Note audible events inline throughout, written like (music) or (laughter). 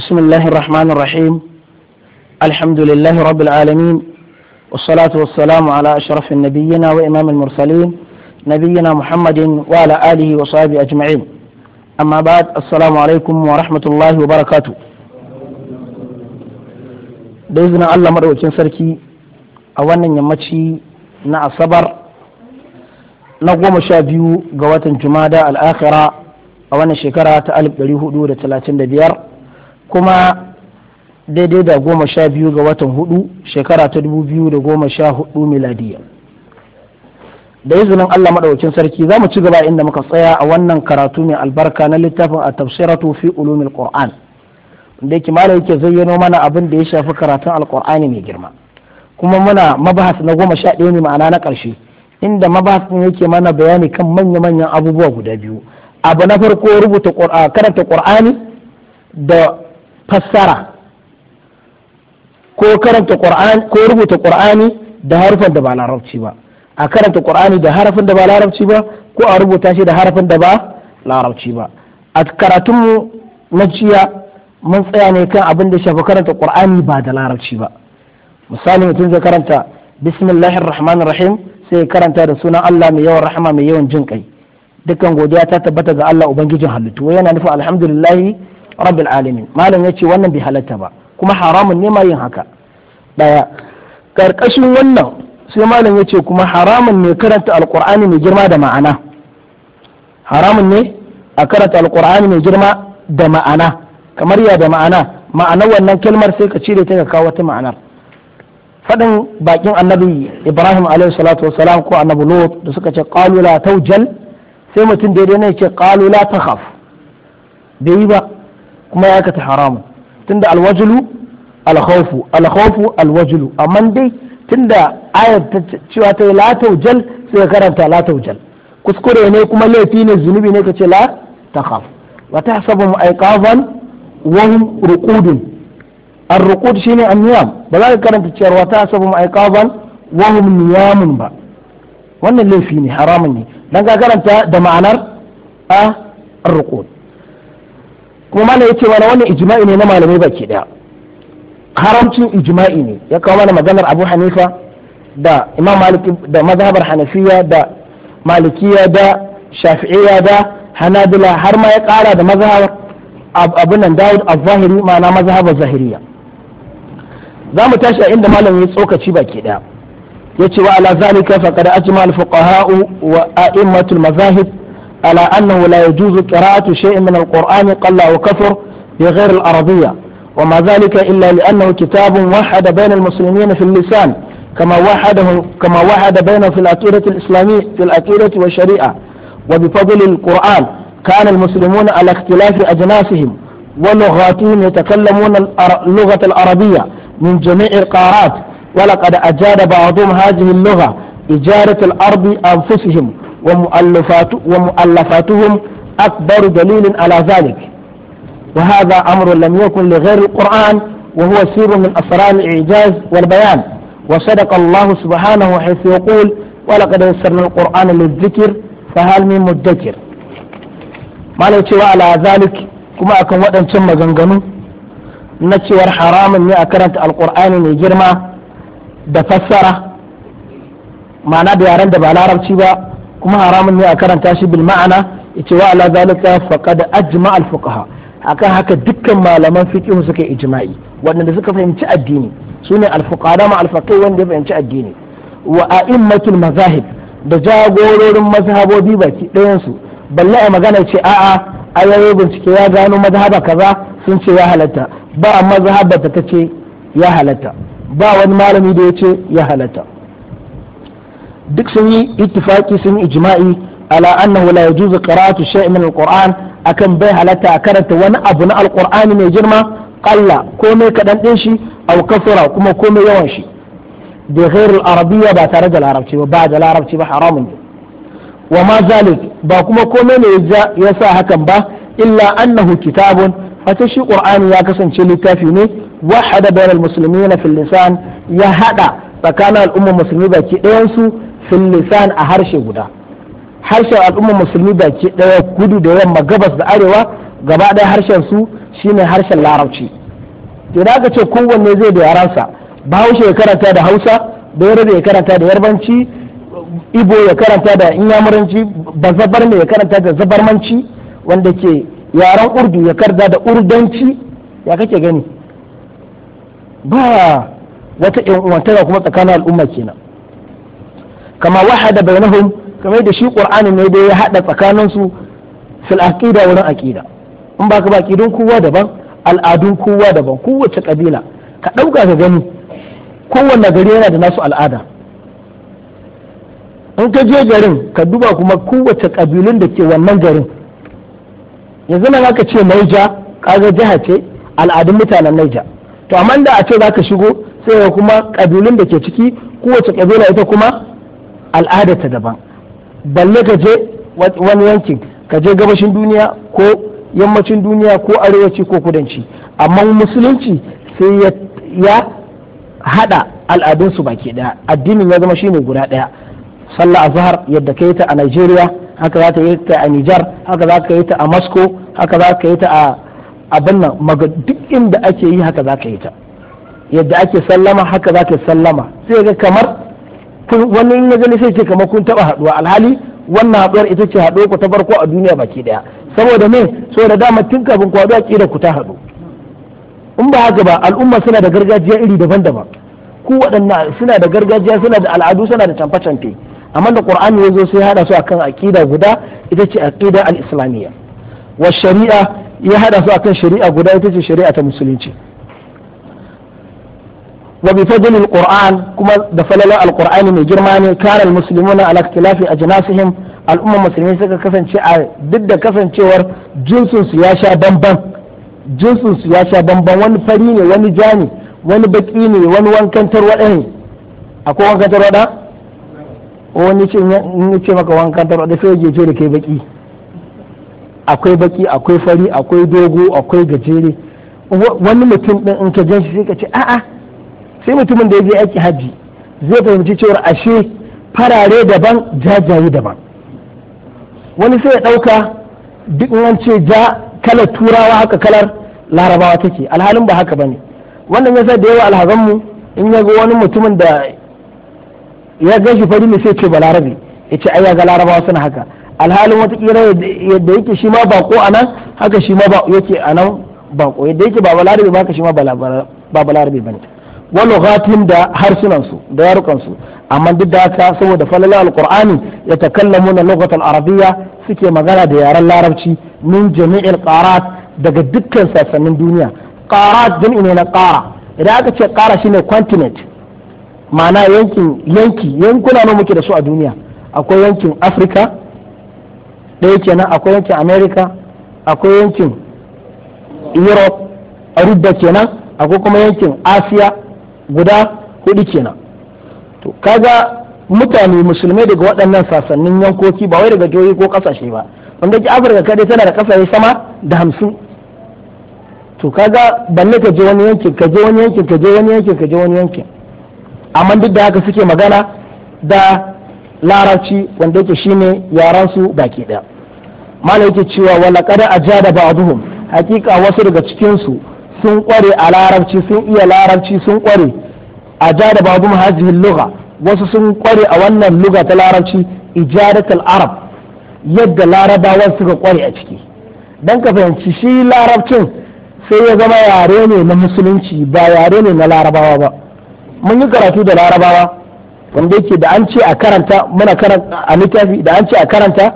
بسم الله الرحمن الرحيم الحمد لله رب العالمين والصلاة والسلام على أشرف النبيين وإمام المرسلين نبينا محمد وعلى آله وصحبه أجمعين أما بعد السلام عليكم ورحمة الله وبركاته بإذن الله مرة sarki a wannan yammaci na asabar na goma sha biyu ga watan jumada al'akhira a wannan shekara ta 1435 kuma daidai da goma sha biyu ga watan hudu shekara ta dubu biyu da goma sha hudu miladiya da izinin Allah maɗaukin sarki za mu ci gaba inda muka tsaya a wannan karatu mai albarka na littafin a tafsiratu fi ulumil qur'an da yake yake zayyano mana abin da ya shafi karatun alqur'ani mai girma kuma muna mabahas na goma sha ɗaya ne ma'ana na ƙarshe inda mabahas ɗin yake mana bayani kan manya-manyan abubuwa guda biyu abu na farko rubuta karanta qur'ani da fassara ko karanta qur'an ko rubuta qur'ani da harfan da ba larabci ba a karanta qur'ani da harafin da ba larabci ba ko a rubuta shi da harfin da ba larabci ba a karatunmu na jiya mun tsaya ne kan abin da shafi karanta qur'ani ba da larabci ba misali mutum zai karanta bismillahir rahmanir rahim sai ya karanta da sunan Allah mai yawan rahama mai yawan jin kai dukkan godiya ta tabbata ga Allah ubangijin halittu yana nufin alhamdulillahi rabbil alamin malam yace wannan bai halatta ba kuma haramun ne ma yin haka daya karkashin wannan sai malam yace kuma haramun ne karanta alqur'ani mai girma da ma'ana haramun ne a karanta alqur'ani mai girma da ma'ana kamar ya da ma'ana ma'anar wannan kalmar sai ka cire ta ka kawo wata ma'anar fadin bakin annabi ibrahim alaihi salatu wasalam ko annabi lut da suka ce qalu la taujal sai mutum daidai ne ce qalu la takhaf bai yi ba kuma ya kata haramun tunda alwajulu alkhawfu alkhawfu alwajulu amma dai tunda ayar ta cewa ta la taujal sai ka karanta la taujal kuskure ne kuma laifi ne zunubi ne kace la takhaf wa tahsabuhum ayqafan wa hum ruqudun ar-ruqud shine an-niyam ba za ka karanta cewa wa tahsabuhum ayqafan wa hum niyamun ba wannan laifi ne haramun ne dan ka karanta da ma'anar a ah, ar-ruqud kuma malam yace mana wannan ijma'i ne na malamai baki daya haramcin ijma'i ne ya kawo mana maganar Abu Hanifa da Imam Malik da mazhabar Hanafiya da Malikiya da Shafi'iyya da Hanabila har ma ya kara da mazhabar abin nan Dawud az-Zahiri ma'ana mazhabar Zahiriya za mu tashi a inda malami ya tsokaci baki daya yace wa ala zalika faqad ajma al-fuqaha'u wa a'immatul mazahib على أنه لا يجوز قراءة شيء من القرآن قل أو كفر بغير الأرضية وما ذلك إلا لأنه كتاب وحد بين المسلمين في اللسان كما وحده كما وحد بينه في العقيدة الإسلامية في العقيدة والشريعة وبفضل القرآن كان المسلمون على اختلاف أجناسهم ولغاتهم يتكلمون اللغة العربية من جميع القارات ولقد أجاد بعضهم هذه اللغة إجارة الأرض أنفسهم ومؤلفاتهم أكبر دليل على ذلك وهذا أمر لم يكن لغير القرآن وهو سر من أسرار الإعجاز والبيان وصدق الله سبحانه حيث يقول ولقد يسرنا القرآن للذكر فهل من مدكر ما على ذلك كما أكن ودن ثم زنغنو نتشوار حرام ne a karanta alkur'ani mai girma da fassara ma'ana da yaren da ba larabci ba kuma haramun ne a karanta shi bil ma'ana yace wa ala zalika faqad ajma al fuqaha akan haka dukkan malaman fiqh suka yi ijma'i waɗanda suka fahimci addini sune al da ma al faqih wanda ya fahimci addini wa a'immatul mazahib da jagororin mazhabobi baki ɗayan su balle a magana ce a'a ayoyi bincike ya gano mazhaba kaza sun ce ya halatta ba mazhaba ta ce ya halatta ba wani malami da ya ce ya halatta duk sun yi ittifaki sun yi ijma'i ala annahu la yajuzu qira'atu shay'in min alquran akan bai halatta karanta wani abu na alqur'ani mai girma qalla komai kadan din shi aw kafara kuma komai yawan shi da ghairul arabiyya ba tare da larabci ba ba da larabci ba haramun ne wa ma zalik ba kuma komai ne ya sa hakan ba illa annahu kitabun fata shi qur'ani ya kasance littafi ne wahada bainal muslimina fil lisan ya hada tsakanin al'ummar musulmi baki ɗayan su fil lisan a harshe guda harshen al'ummar musulmi ke daya kudu da yamma gabas da arewa gaba ɗaya harshen su shine harshen larabci Da aka ce kowanne zai da yaransa bahaushe ya karanta da hausa bayarabe ya karanta da yarbanci ibo ya karanta da inyamuranci bazabar ne ya karanta da zabarmanci wanda ke yaren urdu ya karanta da urdanci ya kake gani ba wata yan uwantaka kuma tsakanin al'umma kenan kama wahada bainahum kamar da shi ƙur'ani ne da ya haɗa tsakanin su fil aqida wurin aqida in ba ka ba aqidun kowa daban al'adun kowa daban kowace kabila ka ɗauka ka gani kowanne gari yana da nasu al'ada in ka je garin ka duba kuma kowace kabilun da ke wannan garin yanzu nan aka ce naija kaga jiha ce al'adun mutanen naija to amma da a ce za ka shigo sai kuma kabilun da ke ciki kowace kabila ita kuma al'ada ta daban balle ka je wani yankin ka je gabashin duniya ko yammacin duniya ko arewaci ko kudanci amma musulunci sai ya hada al'adunsu baki daya addinin ya zama shine guda daya sallah azhar yadda ka yi ta a nigeria haka za ka yi ta a Nijar haka za ka yi ta a Moscow haka za ka yi ta a abin nan maga duk inda ake yi haka za ka yi ta yadda ake sallama haka za ka sallama sai ga kamar wani in gani sai ce kamar kun taba haduwa alhali wannan haduwar ita ce haduwar ku ta farko a duniya baki daya saboda me saboda dama tun kafin ku haɗu kira ku ta haɗu in ba haka ba al'umma suna da gargajiya iri daban-daban ku waɗannan suna da gargajiya suna da al'adu suna da camfe-camfe amma da qur'ani ya zo sai hada su akan aqida guda ita ce aqida al-islamiyya wa shari'a ya hada su akan shari'a guda ita ce shari'a ta musulunci wa bi kuma da falalar alqur'ani mai girma ne karal muslimuna ala ikhtilafi ajnasihim al'umma suka kasance a duk da kasancewar jinsin su ya sha bamban jinsin su ya sha bamban wani fari ne wani wani baki ne wani wankantar wada ne akwai wankantar wada wani ce akwai baki akwai fari akwai dogo akwai gajere wani mutum din in ka gan sai ka ce a'a sai mutumin da ya je aiki hajji zai fahimci cewar ashe farare daban jajaye daban wani sai ya ɗauka duk wance ce ja kalar turawa haka kalar larabawa take alhalin ba haka bane wannan ya sa da yawa alhazanmu in ya ga wani mutumin da ya ga shi fari ne sai ce balarabe ya ce ai ga larabawa suna haka alhalin kira yadda yake shi ma bako a nan haka shi ma yake a nan bako yadda yake ba balarabe ba haka shi ma ba balarabe ba ne walughatin da harsunansu da yarukansu amma duk da haka saboda falala alqur'ani ya takallamu na lokacin arabiyya suke magana da yaren larabci min jami'il qarat daga dukkan sassanin duniya qarat jami'i ne na qara idan aka ce qara shine continent ma'ana yankin yanki yankuna ne muke da su a duniya akwai yankin afirka ɗaya kenan akwai yankin america akwai yankin europe aruba kenan akwai kuma yankin asiya guda hudu kenan to kaga mutane musulmai daga waɗannan sasannin yankoki ba wai daga jihohi ko kasashe ba wanda ki afirka kadai tana da ƙasashe sama da hamsin to kaga balle ka je wani yankin ka je wani yankin ka je wani yankin ka je wani yankin amma duk da haka suke magana da larabci wanda yake shine yaran su baki ɗaya mala yake cewa wala qad ajada ba'dhum hakika wasu daga cikin su sun kware a larabci sun iya larabci sun kware a ja da babu mahajin luga wasu sun kware a wannan luga ta larabci ijadatul arab yadda larabawan suka kware a ciki dan ka fahimci shi larabcin sai ya zama yare ne na musulunci ba yare ne na larabawa ba mun yi karatu da larabawa wanda yake da an ce a karanta muna karanta a littafi da an ce a karanta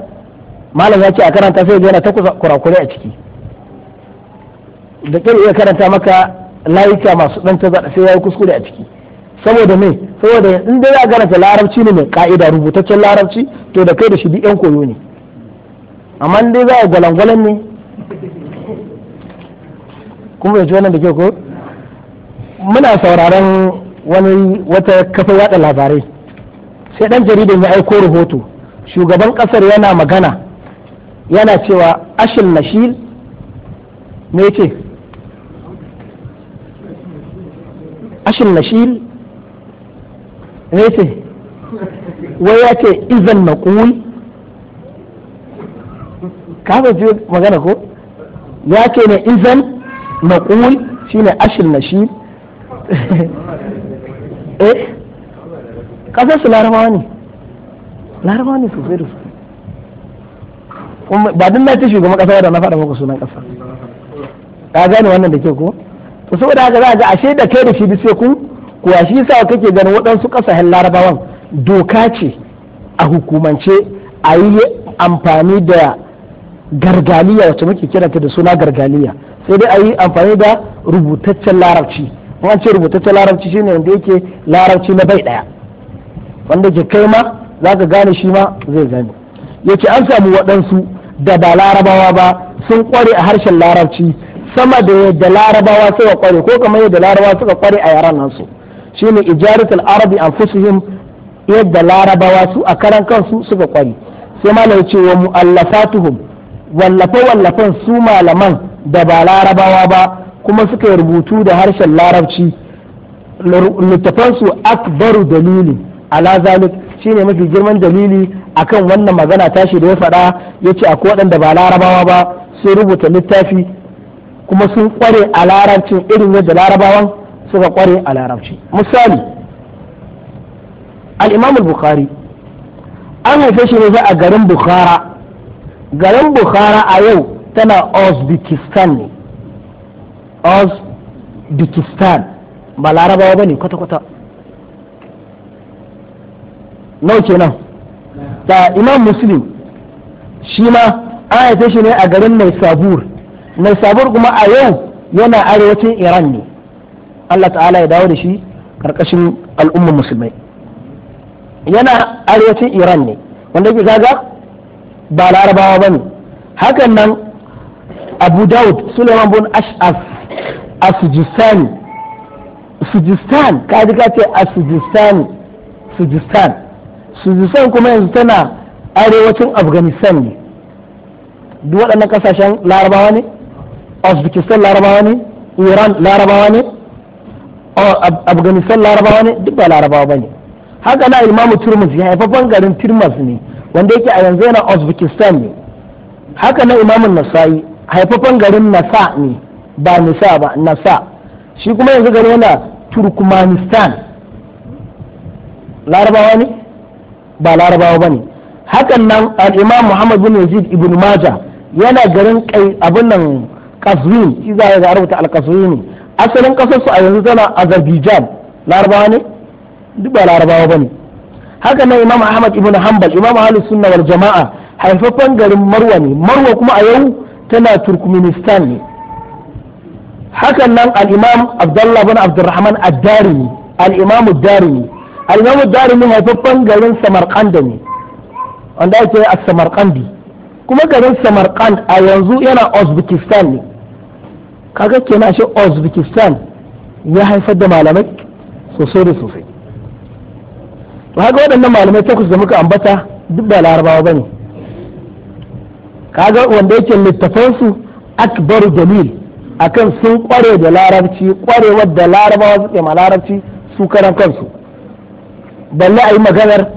malam ya ce a karanta sai yana ta kurakurai a ciki da kai iya karanta maka layuka masu dan tazara sai ya yi kuskure a ciki saboda me saboda in dai ya karanta larabci ne mai ka'ida rubutaccen larabci to da kai da shi yan koyo ne amma dai za a gwalangwalan ne kuma ji wannan da ke ko muna sauraron wani wata kafa yada labarai sai dan jaridan ya aiko rahoto shugaban kasar yana magana yana cewa ashil nashil me ce ashin nashil ne ce wai ya ce izan na kuwi ka fahimci magana ko ya ce ne izan na kuwi shi ne ashin nashil (laughs) eh kasar su larabawa ne larabawa ne sosai da su ba duk na ce shugaban kasa da na faɗa muku sunan kasa ka gane wannan da ke ko to saboda haka za ga ashe da kai da shi sai ku kuwa shi yasa kake ganin waɗansu ƙasashen larabawan doka ce a hukumance a yi amfani da gargaliya wacce muke kiranta da suna gargaliya sai dai a yi amfani da rubutaccen larabci an ce rubutaccen larabci shine wanda yake larabci na bai ɗaya wanda ke kai ma za ka gane shi ma zai gane yake an samu waɗansu da ba larabawa ba sun kware a harshen larabci sama da yadda larabawa suka kware ko kamar yadda larabawa suka kware a yaran nasu shine ijaratul arabi anfusihim yadda larabawa su a karan kansu suka kware sai ma mu wa muallafatuhum wallafe wallafan su malaman da ba larabawa ba kuma suka rubutu da harshen larabci littafansu akbaru dalili ala zalik shine mafi girman dalili akan wannan magana tashi da ya faɗa ya ce akwai waɗanda ba larabawa ba sun rubuta littafi kuma sun kware a larabci irin yadda larabawan suka kware a larabci misali al-imam al-bukhari an haife shi ne a garin bukhara garin bukhara a yau tana uzbekistan ne uzbekistan ba larabawa ba ne kwata-kwata nau kenan da imam muslim shi ma an haife shi ne a garin mai sabur mai sabur kuma a yau yana arewacin iran ne allah ta'ala ya dawo da shi karkashin al'ummar musulmai yana arewacin iran ne wanda ke kaga ba larabawa ba ne hakan nan abu daud suleiman bin ash'af a sujistan sujistan ka ce a sujistan sujistan sujistan kuma yanzu tana arewacin afghanistan ne duk waɗannan ƙasashen larabawa ne uzbekistan larabawa ne iran larabawa ne afghanistan larabawa ne duk ba larabawa ba ne haka na imamu turmus ya haifafan garin turmus ne wanda yake a yanzu yana uzbekistan ne haka na imamun nasa'i haifafan garin nasa ne ba nasa ba nasa shi kuma yanzu gari yana turkmanistan larabawa ne ba larabawa ba ne hakan nan al'imam muhammad bin yazid ibn maja yana garin kai abin nan kasvin shi za ga rubuta alkasvini asalin kasar su a yanzu tana azerbaijan larabawa ne duk ba larabawa bane haka nan imam ahmad ibn hanbal imam ahlus sunna wal jama'a haifafen garin marwa ne marwa kuma a yau tana turkmenistan ne hakan nan al-imam abdullah bin abdurrahman ad-darimi al-imam ad-darimi al-imam ad-darimi haifafen garin samarkand ne wanda ake a samarkandi kuma garin samarkand a yanzu yana uzbekistan ne kaga kenan shi uzbekistan ya haifar da malamai sosai da sosai to haka waɗannan malamai takwas da muka ambata duk da larabawa ba bane kaga wanda yake littafansu akbar dalil akan sun kware da larabci kware da larabawa su ma larabci su karan kansu balle a yi maganar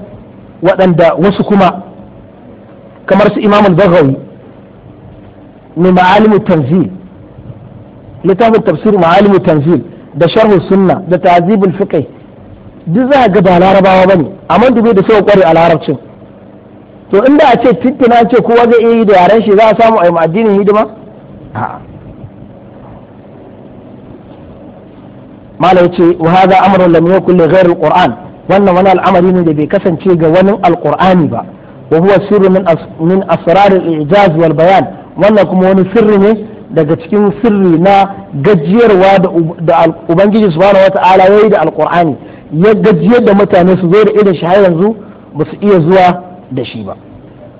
waɗanda wasu kuma kamar su imam bagawi mai ma'alimu tanzil littafin tafsir ma'alimu tanzil da sharhu sunna da ta'zibul fiqh duk za ga ba larabawa bane amma dubi da sai kware a larabcin to inda a ce fitina ce kowa zai iya yi da yaren shi za a samu a yi addinin hidima malai ce wa hadha amrun lam yakun li ghairi quran wannan wani al'amari ne da bai kasance ga wani al-qur'ani ba wa sirri min min asrar al wal bayan wannan kuma wani sirri ne daga cikin sirri na gajiyarwa da ubangiji subhanahu wata'ala yayi da alqur'ani ya gajiyar da mutane su zo da irin shi har yanzu ba su iya zuwa da shi ba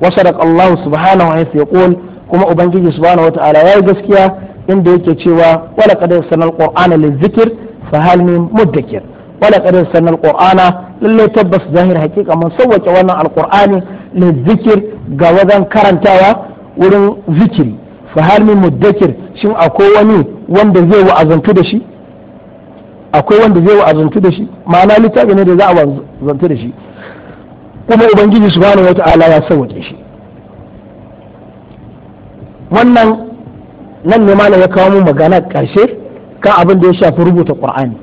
wa allahu subhanahu wa yaqul kuma ubangiji subhanahu wata'ala yayi gaskiya inda yake cewa wala qad yassana alqur'ana lizikr fa hal min mudakkir wala qad yassana alqur'ana tabbas zahir hakika mun sawwake wannan alqur'ani lizikir ga wajen karantawa wurin zikiri fa hal min muddakir shin akwai wani wanda zai wa'azantu da shi akwai wanda zai wa'azantu da shi ma'ana littafi ne da za a wa'azantu da shi kuma ubangiji su wata ala ya sauke shi wannan nan ne malam ya kawo mu magana karshe kan abin da ya shafi rubuta qur'ani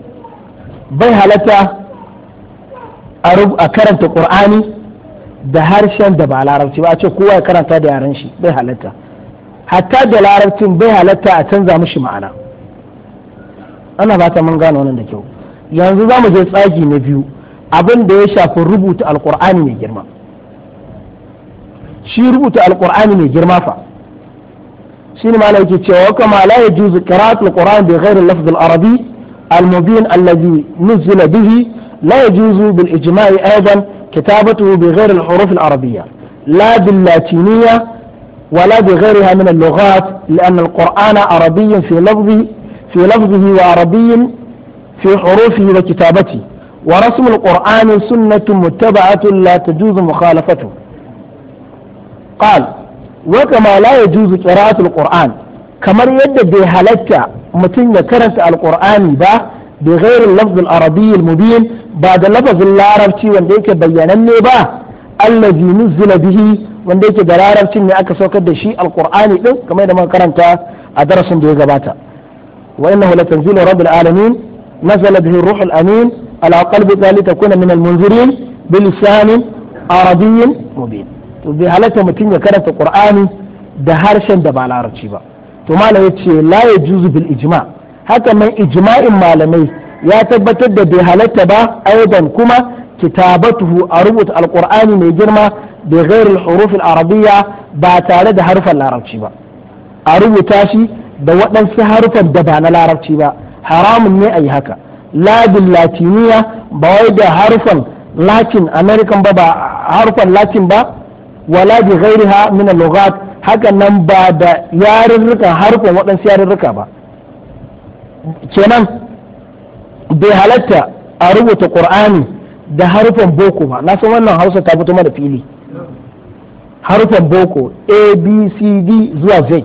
bai halatta a karanta qur'ani da harshen da ba larabci ba a ce kowa ya karanta da yaren shi bai halatta hatta da larabcin bai halatta a canza mishi ma'ana ana ba mun gano wannan da kyau yanzu za mu je tsagi na biyu abin da ya shafi rubuta alkur'ani mai girma shi rubuta alkur'ani mai girma fa shi ne malai ke cewa kama la yajuzu qira'atu alqur'ani bi ghairi lafz al-arabi al-mubin alladhi nuzila bihi la yajuzu bil ijma'i aidan كتابته بغير الحروف العربية لا باللاتينية ولا بغيرها من اللغات لأن القرآن عربي في لفظه في لفظه وعربي في حروفه وكتابته ورسم القرآن سنة متبعة لا تجوز مخالفته قال وكما لا يجوز قراءة القرآن كما يد بهلتا متن كرنت القرآن ده بغير اللفظ العربي المبين ba da lafazin larabci wanda yake bayyananne ba allazi nuzila bihi wanda yake da larabcin ne aka saukar da shi alqur'ani din kamar da muka karanta a darasin da ya gabata wa innahu latanzilu rabbil alamin nazala bihi ruhul amin ala qalbika litakuna min almunzirin bilisanin arabiyyin mubin to bai halatta mutum ya karanta qur'ani da harshen da ba larabci ba to malam ce la yajuzu bil ijma' haka nan ijma'in malamai ya tabbatar da bai halatta ba aidan kuma kitabatuhu a rubuta alkur'ani mai girma bi ghairi hurufin arabiya arabiyya ba tare da harfan larabci ba a rubuta shi da waɗansu harfan da ba na larabci ba haramun ne a yi haka labin latiniya ba wai da harfan latin american ba ba harfan latin ba wala bi ghairiha ha al-lughat hakan nan ba da yarurrukan harfan waɗansu yarirruka ba kenan bai halatta a rubuta ƙur'ani da harufan boko ba na san wannan hausa ta fito mana fili harufan boko a b c d zuwa z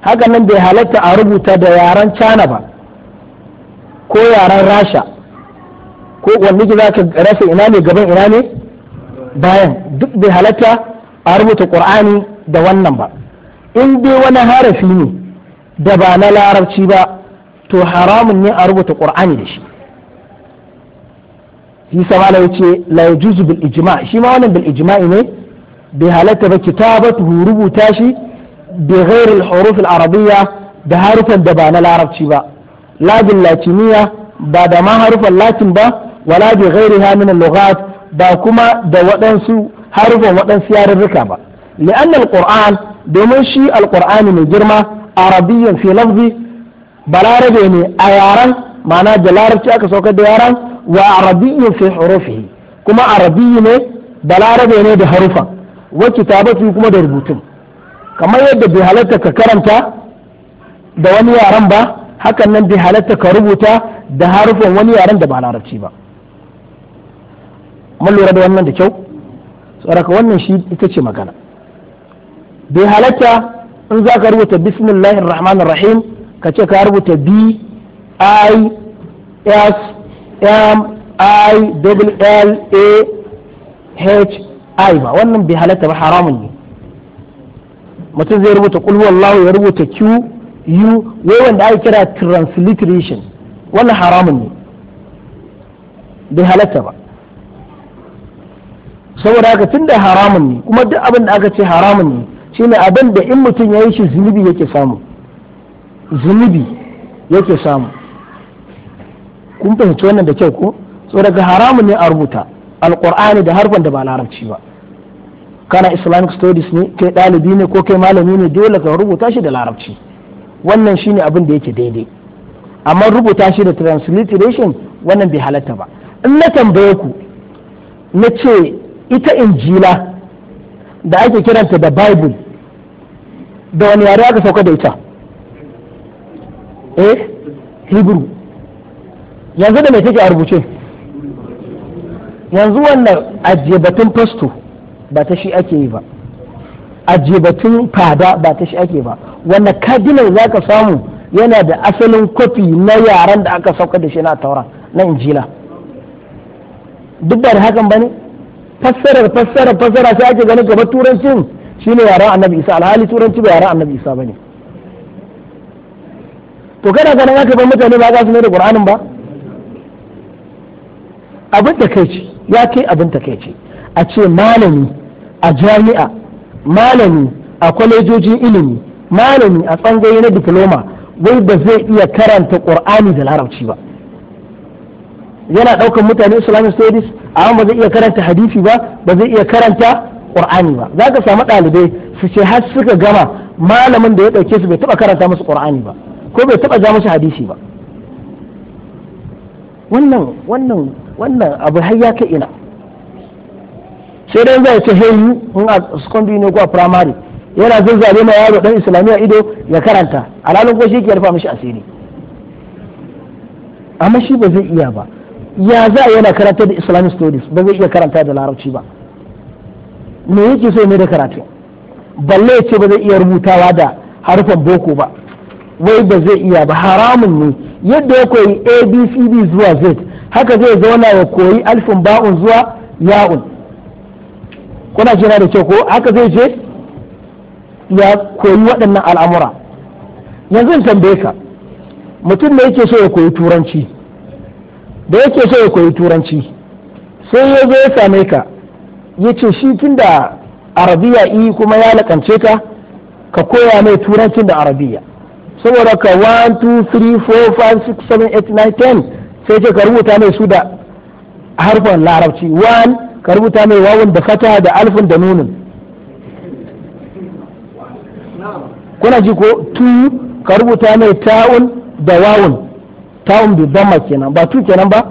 haka nan bai halatta a rubuta da yaren china ba ko yaren rasha ko wanne ki zaka rasa ina ne gaban ina ne bayan duk bai halatta a rubuta ƙur'ani da wannan ba in dai wani harafi ne da ba na larabci ba to haramun ne a rubuta qur'ani da shi isa sama la yace la yajuzu bil ijma shi ma wannan bil ijma'i ne bai halatta ba kitabatu rubuta shi bi ghairi al huruf al arabiyya da harufan da ba na larabci ba la bil latiniya ba da ma harufan latin ba wala bi ghairiha min al ba kuma da waɗansu harufan waɗansu yarurruka ba li'anna al qur'an domin shi al qur'ani mai girma arabiyyan fi lafzi balarabe ne a yaran ma'ana da larabci aka saukar da yaran wa arabiyyu fi hurufihi kuma arabiyyu ne balarabe ne da harufan wa kitabatu kuma da rubutun kamar yadda bai halatta ka karanta da wani yaran ba hakan nan bai halatta ka rubuta da harufan wani yaran da ba larabci ba mun lura da wannan da kyau ka wannan shi ita ce magana bai halatta in za ka rubuta bismillahir rahmanir rahim ka ce ka rubuta b i s m i l l a h i ba wannan bai halatta ba haramun ne mutum zai rubuta kul wallahu ya rubuta q u wai wanda ake kira transliteration wannan haramun ne bai halatta ba saboda haka da haramun ne kuma duk abin da aka ce haramun ne shine abin da in mutum ya yi shi zunubi yake samu zunubi yake samu kun fahimci wannan da kyau ko so daga haramun ne a rubuta alkur'ani da harfan da ba larabci ba kana islamic studies ne kai ɗalibi ne ko kai malami ne dole ka rubuta shi da larabci wannan shine abin da yake daidai amma rubuta shi da transliteration wannan bai halatta ba in na tambaye ku na ce ita injila da ake kiranta da bible da wani yare aka sauka da ita E, hebrew yanzu da mai take a rubuce yanzu wannan ajiye fasto ba ta shi ake yi ba ajiye batun fada ba ta shi ake ba wannan kadinan za ka samu yana da asalin kwafi na yaren da aka sauka da shi na taura na injila duk da hakan ba ne fassarar fassarar fassara sai ake ganin gaba turancin shine yaren annabi isa alhali turanci ba yaren annabi isa ba ne to kada ganin aka bar mutane ba za su mai da qur'anin ba abin da kai ce ya kai abin da kai ce a ce malami a jami'a malami a kwalejojin ilimi malami a tsangayi na diploma wai ba zai iya karanta qur'ani da larabci ba yana ɗaukar mutane islamic studies amma ba zai iya karanta hadisi ba ba zai iya karanta qur'ani ba za ka samu ɗalibai su ce har suka gama malamin da ya ɗauke su bai taɓa karanta musu qur'ani ba ko bai taba ja shi hadisi ba wannan wannan wannan abu har ya kai ina sai dai zai ce heyu in a secondary ne ko a primary yana zazzare ma yaro dan islamiyya ido ya karanta alalun ko shi ke rufa mishi asiri amma shi ba zai iya ba ya za yana karanta da islamic studies ba zai iya karanta da larabci ba me yake so ne da karatu balle ya ce ba zai iya rubutawa da harufan boko ba wai ba zai iya ba haramun ne yadda ya koyi D zuwa z haka zai zauna ya koyi alfin ba'un zuwa ya'un kuna jira da kyau ko haka zai je ya koyi waɗannan al'amura yanzu in tambaye ka mutum da yake so ya koyi turanci da yake so ya koyi turanci sai ya zo ya same ka ya ce shi tun da arabiya i e kuma ya laƙance ka ka koya mai turancin da arabiya saboda ka 1 2 3 4 5 6 7 8 9 10 sai ce ka rubuta mai su da harfan larabci 1 ka rubuta mai wawun da fata da alfin da nunin kuna ji ko 2 ka rubuta mai ta'un da wawun ta'un bi dama kenan ba 2 kenan ba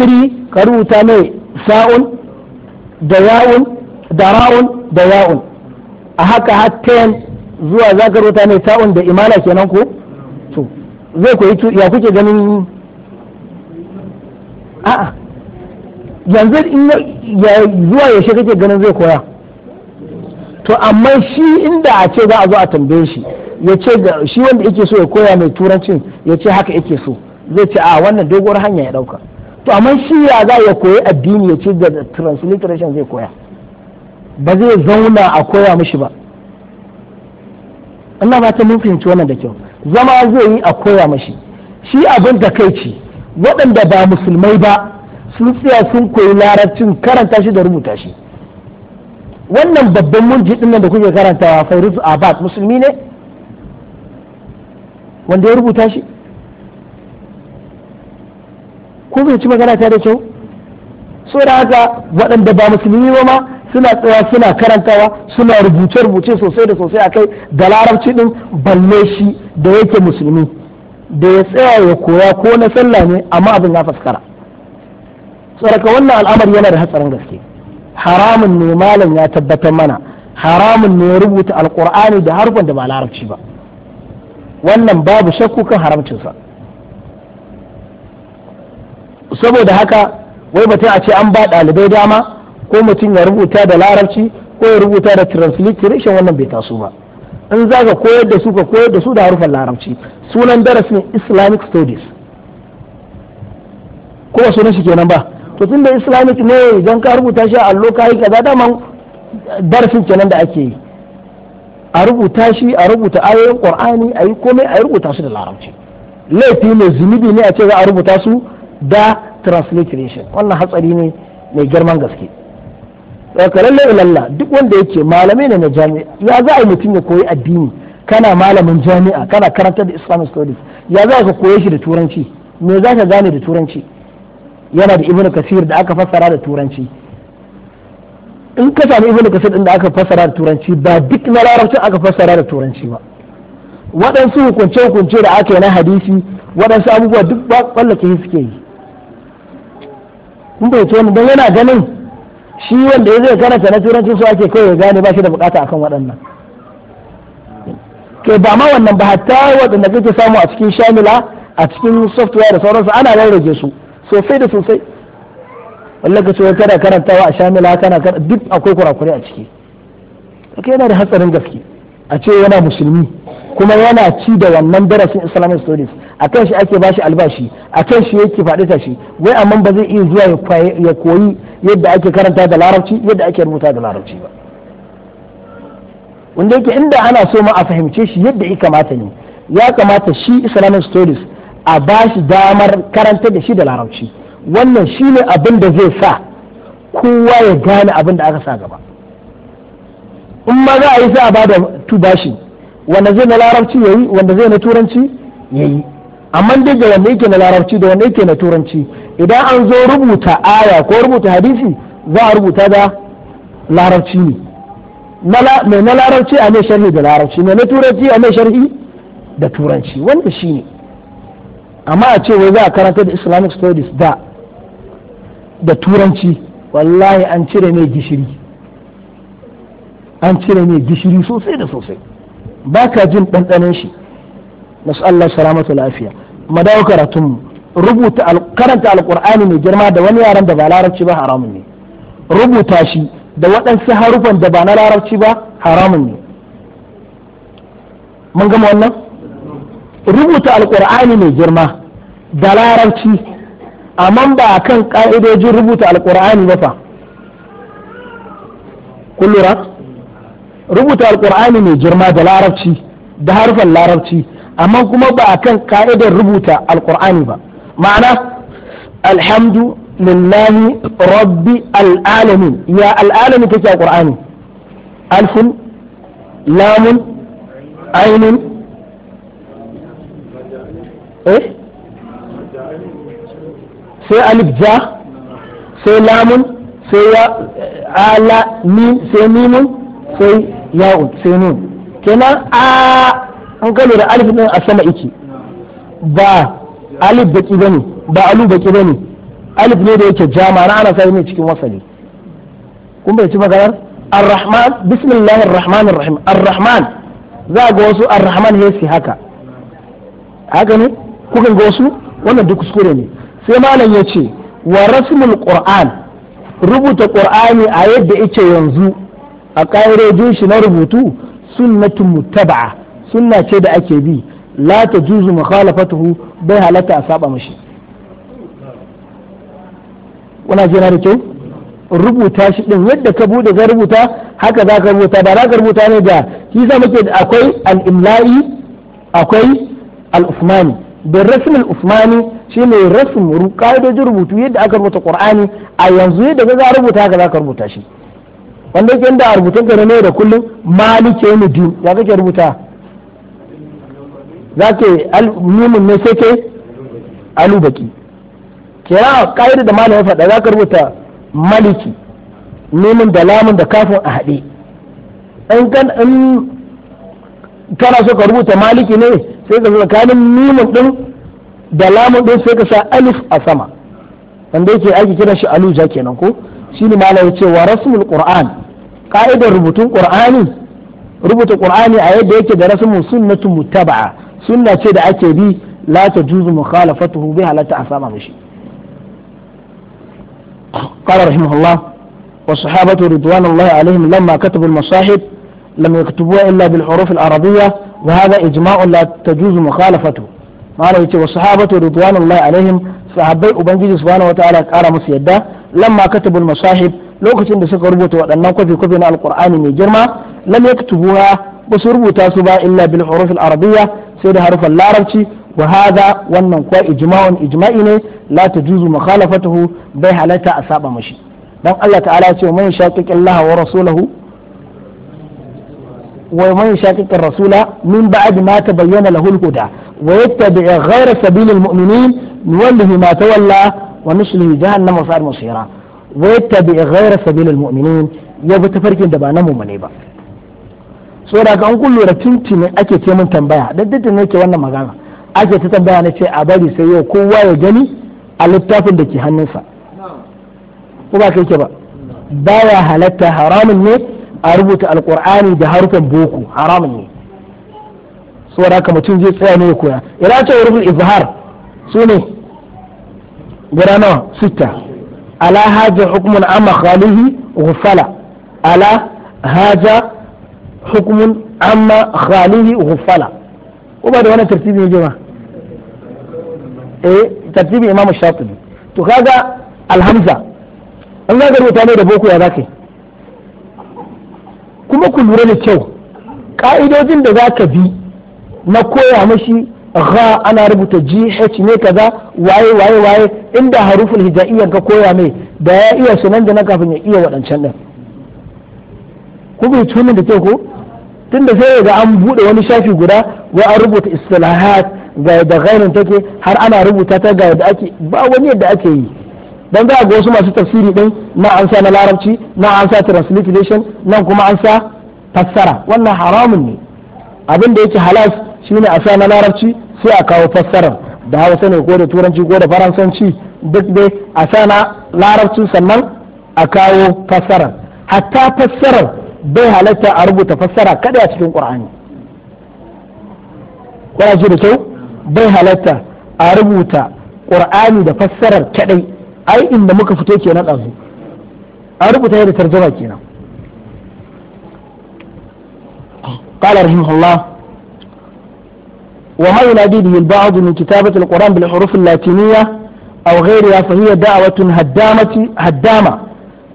3 ka rubuta mai sa'un da yawun da ra'un da yawun a haka har 10 zuwa zakar wata ne mai da imana kenan ko to zai koyi ya kuke ganin a'a yanzu ya zuwa yaushe kake ganin zai koya to amma shi inda a ce za a zo a tambaye shi ya ce shi wanda yake so ya koya mai turancin ya ce haka yake so zai ce a wannan doguwar hanya ya dauka to amma shi ya za ya koyi addini ya ce da transliteration zai koya ba zai zauna a koya mishi ba Allah ba ta mun fahimci wannan da kyau zama zai yi a koya mashi shi abin da kai ci waɗanda ba musulmai ba sun tsaya sun koyi larabcin karanta shi da rubuta shi wannan babban munji ɗin nan da kuke karantawa fairuz abad musulmi ne wanda ya rubuta shi ko bai ci magana ta da kyau so da haka waɗanda ba musulmi ba ma suna tsaya suna karantawa suna rubuce-rubuce sosai da sosai akai da larabci din balle shi da yake musulmi da ya tsaya ya koya ko na sallah ne amma abin ya faskara tsaraka wannan al'amari yana da hatsarin gaske haramun ne malam ya tabbatar mana haramun ne ya rubuta alkur'ani da harkon da ba larabci ba wannan babu shakku kan haramcinsa saboda haka wai bata a ce an ba ɗalibai dama ko mutum ya rubuta da larabci ko ya rubuta da transliteration wannan bai taso ba in za ka koyar da su ka koyar da su da harufan larabci sunan darasin islamic studies ko ba sunan shi kenan ba to tun da islamic ne idan ka rubuta shi a loka yi kaza daman darasin kenan da ake yi a rubuta shi a rubuta ayoyin qur'ani a yi komai a rubuta su da larabci laifi ne zunubi ne a ce za a rubuta su da transliteration wannan hatsari ne mai girman gaske daga lallai ilalla duk wanda yake malamai ne na jami'a ya za a yi mutum ya koyi addini kana malamin jami'a kana karantar da islamic studies ya za ka koye shi da turanci me za ka gane da turanci yana da ibnu kasir da aka fassara da turanci in ka sami ibnu kasir din da aka fassara da turanci ba duk na larabci aka fassara da turanci ba waɗansu hukunce-hukunce da aka yi na hadisi waɗansu abubuwa duk ba ke suke yi kun bai wani don yana ganin shi wanda ya zai karanta na turanci su ake kawai ya gane ba shi da bukata akan waɗannan ke ba ma wannan ba hatta waɗanda kake samu a cikin shamila a cikin software da sauransu ana rarrage su sosai da sosai wallan ka ce kana karantawa a shamila kana duk akwai kurakurai a ciki kake yana da hatsarin gaske a ce yana musulmi kuma yana ci da wannan darasin islamic studies a kan shi ake bashi albashi a kan shi yake faɗi tashi wai amma ba zai iya zuwa ya koyi yadda ake karanta da larabci yadda ake rubuta da larabci ba wanda yake inda ana so ma a fahimce shi yadda ya kamata ne ya kamata shi islamic studies a bashi damar karanta da shi da larabci wannan shi ne abin da zai sa kowa ya gane abin da aka sa gaba in ma za a yi sa a bada tubashi wanda zai na larabci yayi wanda zai na turanci yayi amma duk da wanda yake na larabci da wanda yake na turanci idan an zo rubuta aya ko rubuta hadisi za a rubuta da larabci ne mai na larabci a mai sharhi da larabci mai na turanci a mai sharhi da turanci wanda shi ne amma a ce wai za a karanta da islamic studies da da turanci wallahi an cire mai gishiri an cire mai gishiri sosai da sosai ba ka jin ɗanɗanin shi nasu Allah salamatu lafiya mu karatun rubuta karanta alƙur'ani mai girma da wani yaran da ba larabci ba haramun ne rubuta shi da waɗansu harufan da ba na larabci ba haramun ne mun gama wannan rubuta alƙur'ani mai girma da larabci amma ba a kan ƙa'idojin rubuta alƙur'ani ba fa kun rubuta alkur'ani mai girma da larabci da harfan larabci amma kuma ba a kan ka'idar rubuta alkur'ani ba ma'ana alhamdu lillahi rabbi al'alami ya al'alami take alkur'ani qur'ani alfun lamun ainin eh sai alif ja sai lamun sai ya ala min sai mimun sai ya'un sai nun kenan a an kalu da alif din a sama iki ba alif baki bane ba alu baki bane alif ne da yake jama na ana sai ne cikin wasali kun bai ci maganar arrahman bismillahir rahmanir rahim arrahman za ga wasu arrahman ne su haka haka ne kukan ga wasu wannan duk kuskure ne sai malam ya ce wa rasmul qur'an rubuta qur'ani a yadda yake yanzu a ƙa'idojin shi na rubutu sunnatun muttaba'a sunna ce da ake bi la ta juzu mukhalafatuhu bai halatta a saba mashi wannan jina da kyau rubuta shi din yadda ka bude ga rubuta haka za ka rubuta ba za ka rubuta ne da shi za muke akwai al-imla'i akwai al-usmani da rasm al-usmani shine rasm ka'idojin rubutu yadda aka rubuta qur'ani a yanzu yadda ka rubuta haka za ka rubuta shi wanda yake inda a rubutun ka ne da kullum malike yawmi din ya kake rubuta Za ke mimun ne sai ke alubaki kira kaida da malamin faɗa ka rubuta maliki mimun da lamun da kafin a haɗe in kan in kana so ka rubuta maliki ne sai ka tsakanin mimun din da lamun din sai ka sa alif a sama wanda yake ake kiran shi aluja kenan ko shine malam yace wa rasmul qur'an ka'idar rubutun qur'ani rubuta qur'ani a yadda yake da rasmul sunnatu muttaba'a sunna ce da ake bi la tajuzu mukhalafatuhu biha la ta'sama mishi قال رحمه الله والصحابة رضوان الله عليهم لما كتبوا المصاحف لم يكتبوها إلا بالحروف العربية وهذا إجماع لا تجوز مخالفته ما والصحابة رضوان الله عليهم sahabbai ubangiji subhanahu wataala ya kara musu yadda lamma katabul masahib lokacin da suka rubuta waɗannan kwafi kwafi na alkur'ani mai girma lam yaktubuha ba su rubuta su ba illa bil huruf al arabiyya sai da harfan larabci wa hada wannan kuwa ijma'un ijma'i ne la tajuzu mukhalafatuhu bai halatta a saba mashi dan Allah ta'ala ya ce man shaqiqillaha wa rasulahu ومن يشاقق الرسول من بعد ما تبين له الهدى ويتبع غير سبيل المؤمنين نوله ما تولى ومثله جهنم وصار مصيرا ويتبع غير سبيل المؤمنين يبو تفركين دبا نمو منيبا saboda ka an kullura tuntuni ake ce min tambaya dan duk ne ke wannan magana ake ta tambaya na ce a bari sai yau kowa ya gani a littafin da ke hannunsa ko ba kai ke ba baya halatta haramun ne a rubuta alkur'ani da harufan boko haramun ne saboda haka mutum zai tsaya ne ya koya ina ce rubul izhar su ne guda nawa sita ala haja hukumun amma khalihi ghufala ala haja hukumun amma khalihi ghufala ko ba da wani tartibi ne jima eh tartibi imamu shafi'i to kaga alhamza an ga rubuta ne da boko ya zaka kuma ku lura da kyau ka'idojin da za ka bi na koya mashi gha ana rubuta gh ne kaza waye waye waye inda haruful hija'iyyan ka koya mai da ya iya sunan da na kafin ya iya waɗancan din ku bi tuni da ke ko tunda sai ga an bude wani shafi guda wa an rubuta istilahat ga da gairin take har ana rubuta ta ga da ake ba wani yadda ake yi dan za ga wasu masu tafsiri din na an na larabci na an sa translation nan kuma ansa sa fassara wannan haramun ne abin da yake halas shine a sa na larabci sai a kawo fassarar da hausa ne ko da turanci ko da faransanci duk dai a sana larabcin sannan a kawo fassarar hatta fassarar bai halatta a rubuta fassara kada a cikin qur'ani kuna da kyau bai halatta a rubuta qur'ani da fassarar kadai ai inda muka fito kenan ɗazu a rubuta yadda tarjuma kenan قال رحمه الله وما ينادي به البعض من كتابة القرآن بالحروف اللاتينية أو غيرها فهي دعوة هدامة هدامة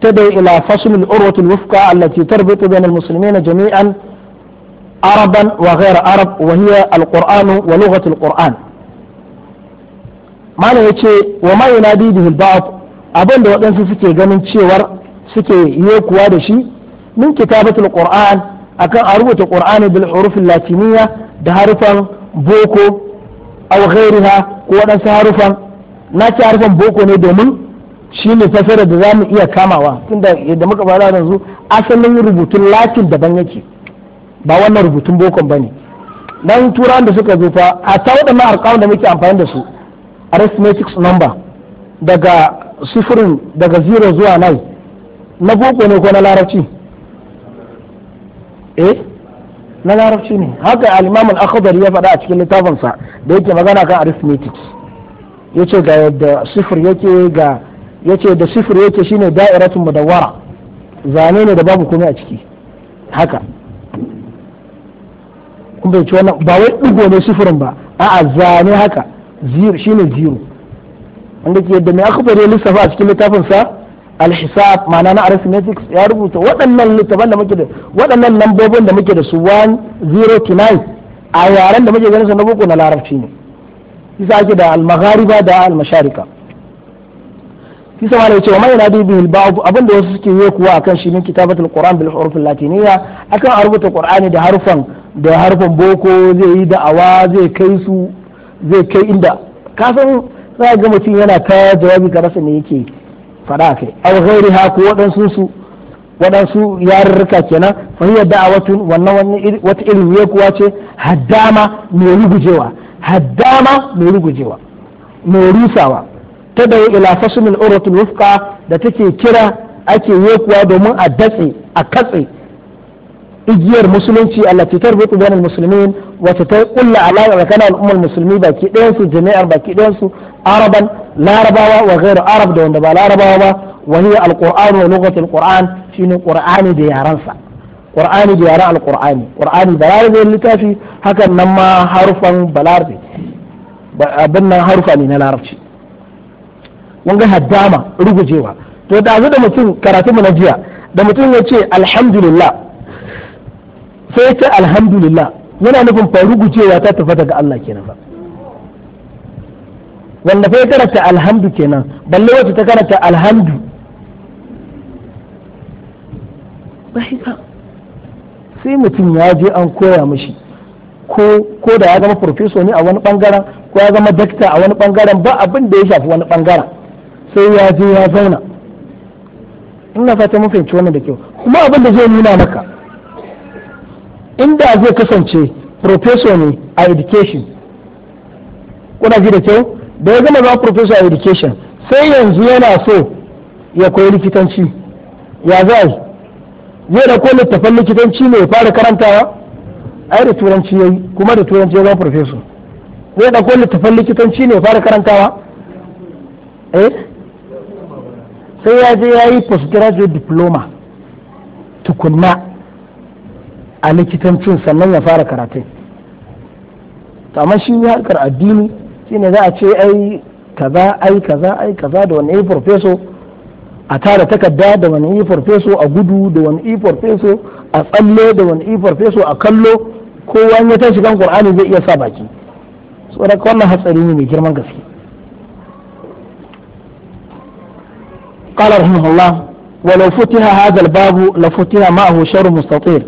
تدعي إلى فصل الأروة الوفقى التي تربط بين المسلمين جميعا عربا وغير عرب وهي القرآن ولغة القرآن ما يتشي وما ينادي به البعض abin da waɗansu suke ganin cewar suke yekuwa da shi min kitabatul qur'an akan a rubuta qur'ani bil huruf latiniya da harfan boko aw ghairiha ko waɗansu harufan na ce harufan boko ne domin shi ne fasara da za mu iya kamawa tunda yadda muka fara yanzu asalin rubutun latin daban yake ba wannan rubutun bokon ba ne dan turan da suka zo fa a ta waɗannan arkawan da muke amfani da su arithmetic number daga sufurin daga zero zuwa nine na boko ne ko na larabci eh na larabci ne haka alimamin imam ya faɗa a cikin littafinsa da yake magana kan arithmetic yace ga yadda sifir yake ga yace da sifir yake shine da'iratun mudawwara zane ne da babu komai a ciki haka kun bai ci wannan ba wai digo ne sifirin ba a'a zane haka zero shine zero wanda ke yadda mai akhdar ya lissafa a cikin littafinsa al-hisab ma'ana na arithmetics ya rubuta waɗannan littafan da muke da waɗannan lambobin da muke da su 109 a yaren da muke ganin su na boko na larabci ne kisa ake da al-maghariba da al-masharika kisa ma ne cewa mai na dubi al-ba'd abin wasu suke yi kuwa akan shi min kitabatul qur'an bil huruf akan a rubuta qur'ani da harfan da harfan boko zai yi da'awa zai kai su zai kai inda kasan za ga mutum yana ta jawabi karasa ne yake yi fada kai aw riha ko waɗansu su waɗansu yarurruka kenan fa hiya da'awatun wannan wani wata irin ne kuwa ce haddama mai rugujewa haddama mai rugujewa mai rusawa ta da ila fasmil uratul wufqa da take kira ake yekuwa domin a datse a katse igiyar musulunci allati tarbitu bainal muslimin wata ta kulla alaka tsakanin al'ummar musulmi baki ɗayan su jami'ar baki ɗayan su araban larabawa wa ghairu arab da wanda ba larabawa ba wa hiya alquran wa lughatul qur'an shine qur'ani da yaransa qur'ani da yaran alqur'ani qur'ani balarabe littafi hakan nan ma harufan balarabe abin nan harufa ne na larabci mun ga haddama rugujewa to da da mutum karatu mu na jiya da mutum ya ce alhamdulillah sai ya ce alhamdulillah yana nufin faru gujewa ta tafi daga Allah kenan ba wanda fa ya karanta alhamdu kenan balle wacce ta karanta alhamdu Ba sai mutum ya je an koya mashi ko da ya zama profeso ne a wani bangaren ko ya zama dakta a wani bangaren ba abin da ya shafi wani bangaren sai ya je ya zauna ina fata mun fahimci wannan da kyau kuma abin da zai nuna maka inda zai kasance professor ne a education kuna ji da kyau da ya gama ba professor a education sai yanzu yana so ya koyi likitanci ya zai zai da koyi littafin likitanci ne fara karantawa ai da turanci yayi kuma da turanci ya ba professor zai da koyi littafin likitanci ne fara karantawa eh sai ya je ya yi postgraduate diploma tukunna a likitancin sannan ya fara karatun to amma shi harkar addini shine za a ce ai kaza ai kaza ai kaza da wani farfeso a tara takarda da wani farfeso a gudu da wani farfeso a tsalle da wani farfeso a kallo kowa ya tashi kan qur'ani zai iya sa baki saboda wannan hatsari ne mai girman gaske قال رحمه الله ولو فتح هذا الباب لفتح معه شر مستطير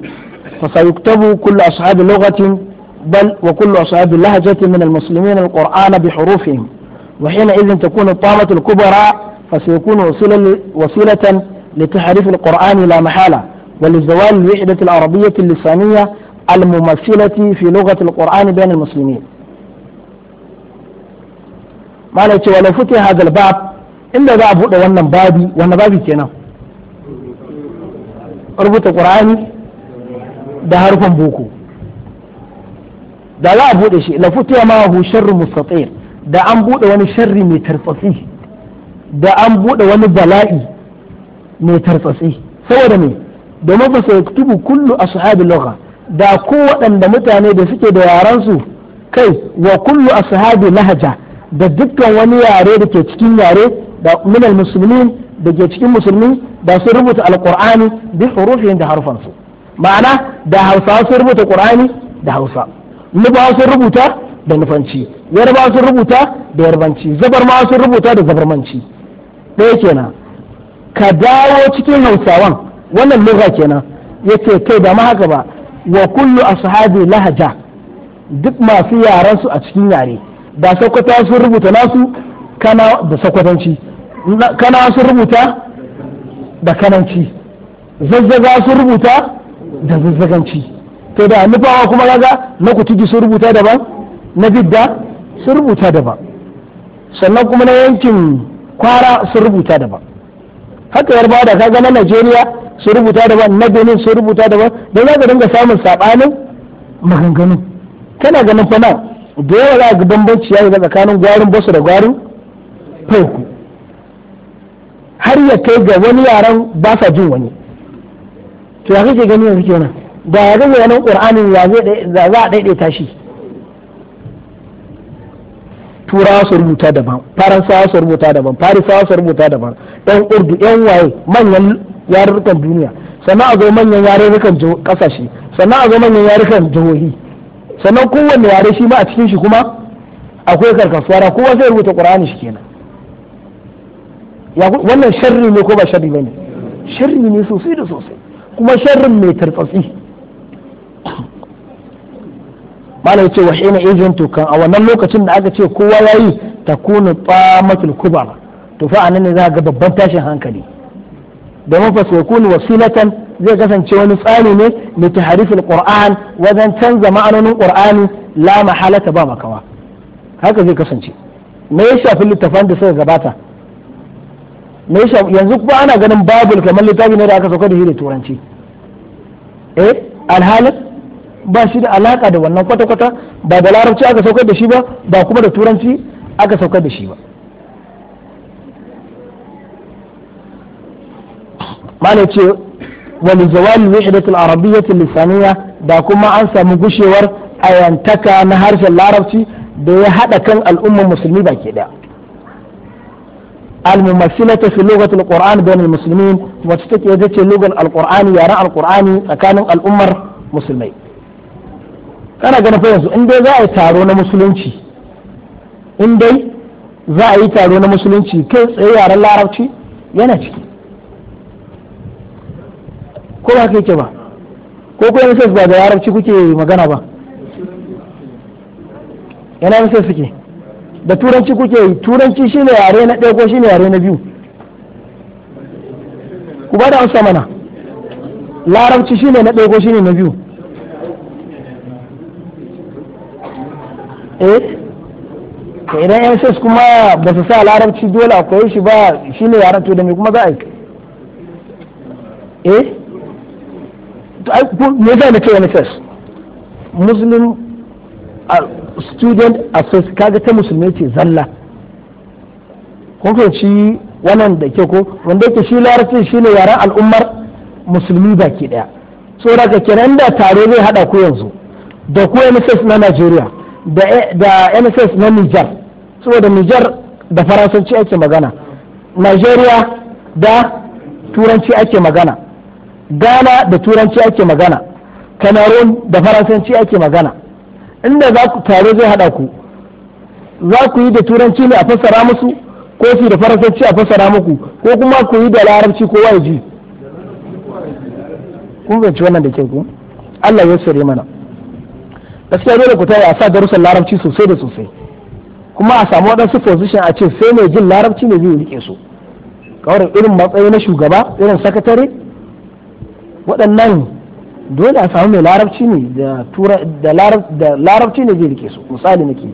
فسيكتب كل أصحاب لغة بل وكل أصحاب لهجة من المسلمين القرآن بحروفهم وحينئذ تكون الطامة الكبرى فسيكون وسيلة, وسيلة لتحريف القرآن لا محالة ولزوال الوحدة العربية اللسانية الممثلة في لغة القرآن بين المسلمين ما نتشوى ولو فتح هذا الباب إلا باب أبو وانا بابي وانا بابي كنا أربط القرآن da harfan boko da za a buɗe shi la ma hu sharru mustatir da an bude wani sharri mai tarfatsi da an buɗe wani bala'i mai saboda me domin fa sai kutubu kullu ashabi lugha da ko waɗanda mutane da suke da yaran su kai wa kullu ashabi lahaja da dukkan wani yare da ke cikin yare da minal musulmin da ke cikin musulmi da sun rubuta alqur'ani bi hurufin da harfansu ma'ana da hausawa sun rubuta qur'ani da hausa nufawa sun rubuta da nufanci yarbawa sun rubuta da yarbanci ma sun rubuta da zabarmanci ɗaya kenan ka dawo cikin hausawan wannan lura kenan yace kai da ma haka ba wa kullu ashabi lahaja duk masu yaran su a cikin yare da sakwata sun rubuta nasu kana da sakwatanci kana sun rubuta da kananci zazzaga sun rubuta da zazzaganci to da nufawa kuma kaga na kutigi sun rubuta daban na bidda sun rubuta daban sannan kuma na yankin kwara sun rubuta daban haka yarba da kaga na najeriya sun rubuta daban na benin sun rubuta daban don za ka dinga samun saɓanin maganganu kana ganin fa nan da yawa za ga bambanci yayi tsakanin gwarin basu da gwarin faiku har ya kai ga wani yaran ba sa jin wani to ya kake gani yanzu kenan da ya zai wani qur'anin ya za a daidaita shi turawa su rubuta daban faransawa su rubuta daban farisawa su rubuta daban yan urdu yan waye manyan yarurrukan duniya sannan a zo manyan yarurrukan kasashe sannan a zo manyan yarurrukan jihohi sannan kowanne yare shi ma a cikin shi kuma akwai karkasuwara kowa zai rubuta qur'ani shi kenan wannan sharri ne ko ba sharri ne, sharri ne sosai da sosai kuma sharrin mai tartsatsi malam ce wa hina izin tukan a wannan lokacin da aka ce kowa ta takunu tsamatul kubar to fa anan ne za ga babban tashin hankali domin fa yakunu wasilatan zai kasance wani tsari ne mai taharifin qur'an wajen canza ma'anonin qur'ani la mahalata ba makawa haka zai kasance me ya shafi littafan da suka gabata nesha yanzu kuma ana ganin babul kamar littafi ne da aka sauka da shi da turanci eh alhalin ba shi da alaka da wannan kwata-kwata ba da larabci aka sauka da shi ba ba kuma da turanci aka sauka da shi ba mana ce wani zawali wahidatul arabiyyatul lisaniya da kuma an samu gushewar ayantaka na harshen larabci da ya haɗa kan al'ummar musulmi baki ɗaya الممثلة lokacin لغة القرآن بين المسلمين وتتكي ذات لغة القرآن يرى القرآن tsakanin al'ummar مسلمين kana gana fa yanzu in dai za a yi taro na musulunci in dai za a yi taro na musulunci kai tsaye yaren larabci yana ciki ko ba kai ke ba ko kuma ba da larabci kuke magana ba yana misal suke da turanci kuke yi turanci shine yare na ɗaya ko shine yare na biyu ku ba da amsa mana larabci shine na ɗaya ko shine na biyu eh idan yan ss kuma ba su sa larabci dole akwai shi ba shine yaren to da me kuma za a yi eh me zai na ce yan ss muslim ah, student assist kaga ta musulmi ce zalla hukunci wannan da ke ko wanda yake shi larabci shine yaren al'ummar musulmi baki daya saboda ka kenan da tare zai hada ku yanzu da ku NSS na nigeria da e, NSS na Niger saboda Niger da faransanci ake magana Najeriya da turanci ake magana Ghana da turanci ake magana Cameroon da faransanci ake magana inda za ku tare zai haɗa ku za ku yi da turanci ne a fassara musu ko su da faransanci a fassara muku ko kuma ku yi da larabci ko ya kun zanci wannan da ke ku Allah ya sare mana gaskiya dole ku tare a sa darussan larabci sosai da sosai kuma a samu wadansu position a ce sai mai jin larabci ne zai rike su kawai irin matsayi na shugaba irin sakatare waɗannan dole a samu mai larabci ne da tura da larabci ne zai rike su misali nake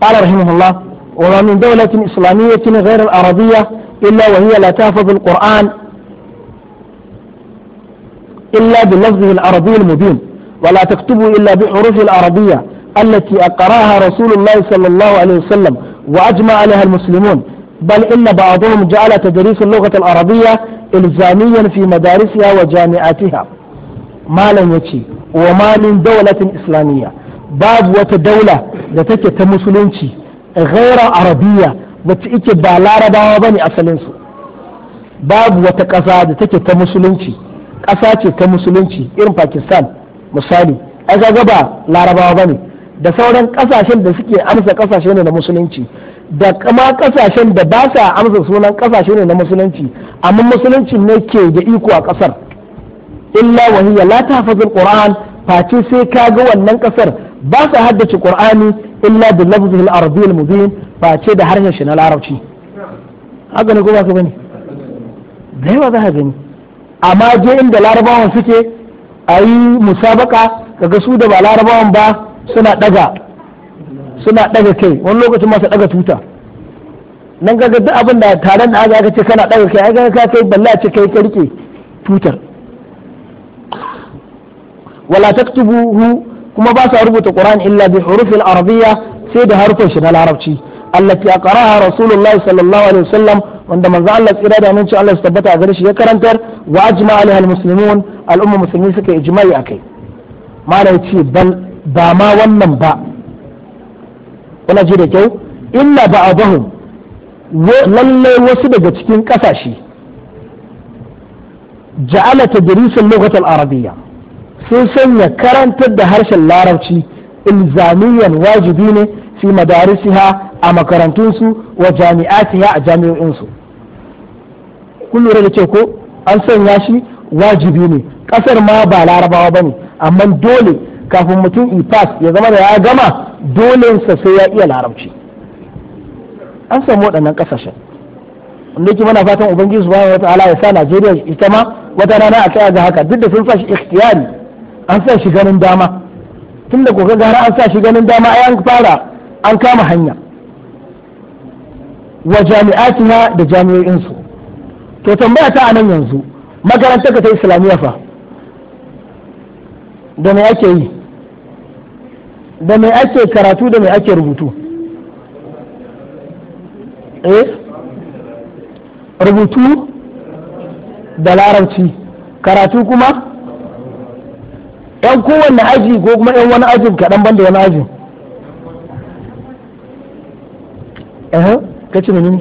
qala rahimahullah wa ma min dawlatin islamiyyatin ghayr al-arabiyya illa wa hiya la tahfaz al-qur'an illa bi lafzihi al-arabiy al-mubin wa la taktubu illa bi hurufi al-arabiyya التي أقراها رسول الله صلى الله عليه وسلم وأجمع عليها المسلمون بل إن بعضهم جعل تدريس اللغة العربية إلزاميا في مدارسها وجامعاتها malam ya ce wa malin daulatin islamiyya babu wata daula da take ta musulunci ghaira arabiya wacce ike ba larabawa ba ne asalinsu babu wata ƙasa da take ta musulunci ƙasa ce ta musulunci irin pakistan misali ai ga ba larabawa ba ne da sauran ƙasashen da suke amsa ƙasashe ne na musulunci da kama ƙasashen da ba sa amsa sunan ƙasashe ne na musulunci amma musulunci ne ke da iko a ƙasar illa wa hiya la tahfazul qur'an face sai ka ga wannan kasar ba su haddace qur'ani illa bil lafzi al arabi al mubin face da harshen shi na larabci haka ne ko ba ka bane da yawa za ka gani amma je inda larabawan suke ayi musabaka kaga su da ba larabawan ba suna daga suna daga kai wani lokacin ma su daga tuta nan ga duk abin da taron da aka ce kana daga kai aka ga kai balla ce kai karke tutar wala taktubuhu kuma basa rubuta qur'ani illa bi hurufin arabiyya sai da harfin shi na larabci ya aqraha rasulullahi sallallahu alaihi wasallam wanda manzo Allah tsira da nan Allah tabbata a gare shi ya karantar wa ajma alaiha almuslimun al'umma musulmi suka ijma'i akai malai ce bal ba ma wannan ba kuna ji da kyau illa bahu lallai wasu daga cikin kasashe ja'ala tadrisul lokacin arabiyya sun sanya karantar da harshen larabci ilzamiyan wajibi ne fi madarisiha a makarantunsu wa jami'atiha a jami'o'insu kun lura da ce ko an sanya shi wajibi ne kasar ma ba larabawa ba ne amma dole kafin mutum ifas ya zama da ya gama dolensa sai ya iya larabci an samu waɗannan ƙasashen wanda yake mana fatan ubangiji subhanahu ta'ala ya sa Najeriya ita ma wata rana a tsaya ga haka duk da sun sa shi ikhtiyari an sa shi ganin dama tun da kuka gara an sa shi ganin dama a an fara an kama hanya wa jami'atina da jami'o'insu to tambaya ta nan yanzu makarantar ka ta islamiyya fa da me ake yi da me ake karatu da me ake rubutu eh rubutu da larabci karatu kuma yan kowanne aji ko kuma yan wani ajin kaɗan banda wani ajin eh ka ci menene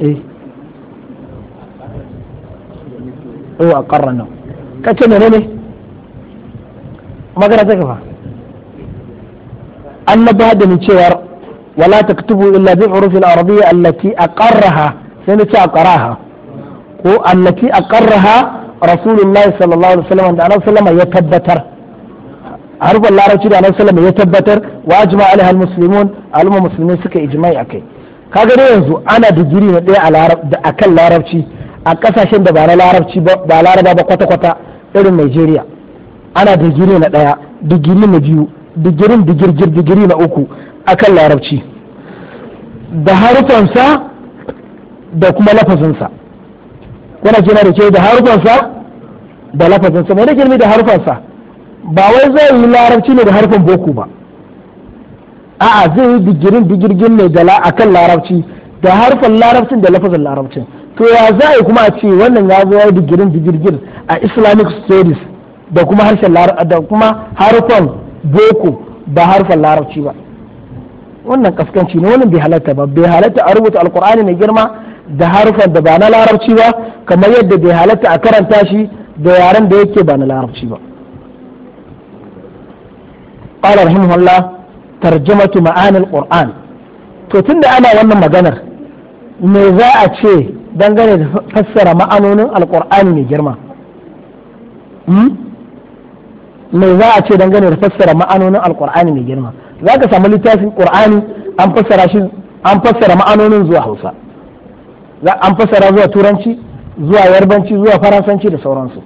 eh o a karrana ka ce menene magana ta gaba an na ba da ni cewar wala taktubu illa bi hurufin arabiyya allati aqarraha sai na ce aqaraha ko allati aqarraha rasulullahi sallallahu alaihi wasallam da annabi sallama ya tabbatar harfin larabci da annabi sallama ya tabbatar wa ajma alaiha almuslimun al'umma musulmi suka a kai. kaga dai yanzu ana digiri na ɗaya a kan larabci a ƙasashen da ba na larabci ba laraba ba kwata kwata irin Najeriya ana digiri na ɗaya, digiri na biyu digirin digirgir digiri na uku akan larabci da harufansa da kuma lafazinsa kuna kira da ke da harufansa da lafazinsa mai nake da harufansa ba wai zai yi larabci ne da harfin boko ba a'a zai yi digirin digirgin ne da akan larabci da harfin larabcin da lafazin larabcin to ya za a yi kuma a ce wannan ya zo ya digirin digirgin a islamic studies da kuma harshen da kuma harfin boko ba harfin larabci ba wannan kaskanci ne wannan bai halatta ba bai halatta a rubuta alkur'ani mai girma da harufan da ba na larabci ba kamar yadda bai halatta a karanta shi da yaren da yake ba na larabci ba قال رحمه الله ترجمة معاني القرآن to tunda ana wannan maganar me za a ce dangane da fassara ma'anonin alkur'ani mai girma hmm? me za a ce dangane da fassara ma'anonin alkur'ani mai girma za ka samu littafin qur'ani an fassara shi an fassara ma'anonin zuwa hausa an fasara zuwa turanci zuwa yarbanci zuwa faransanci da sauransu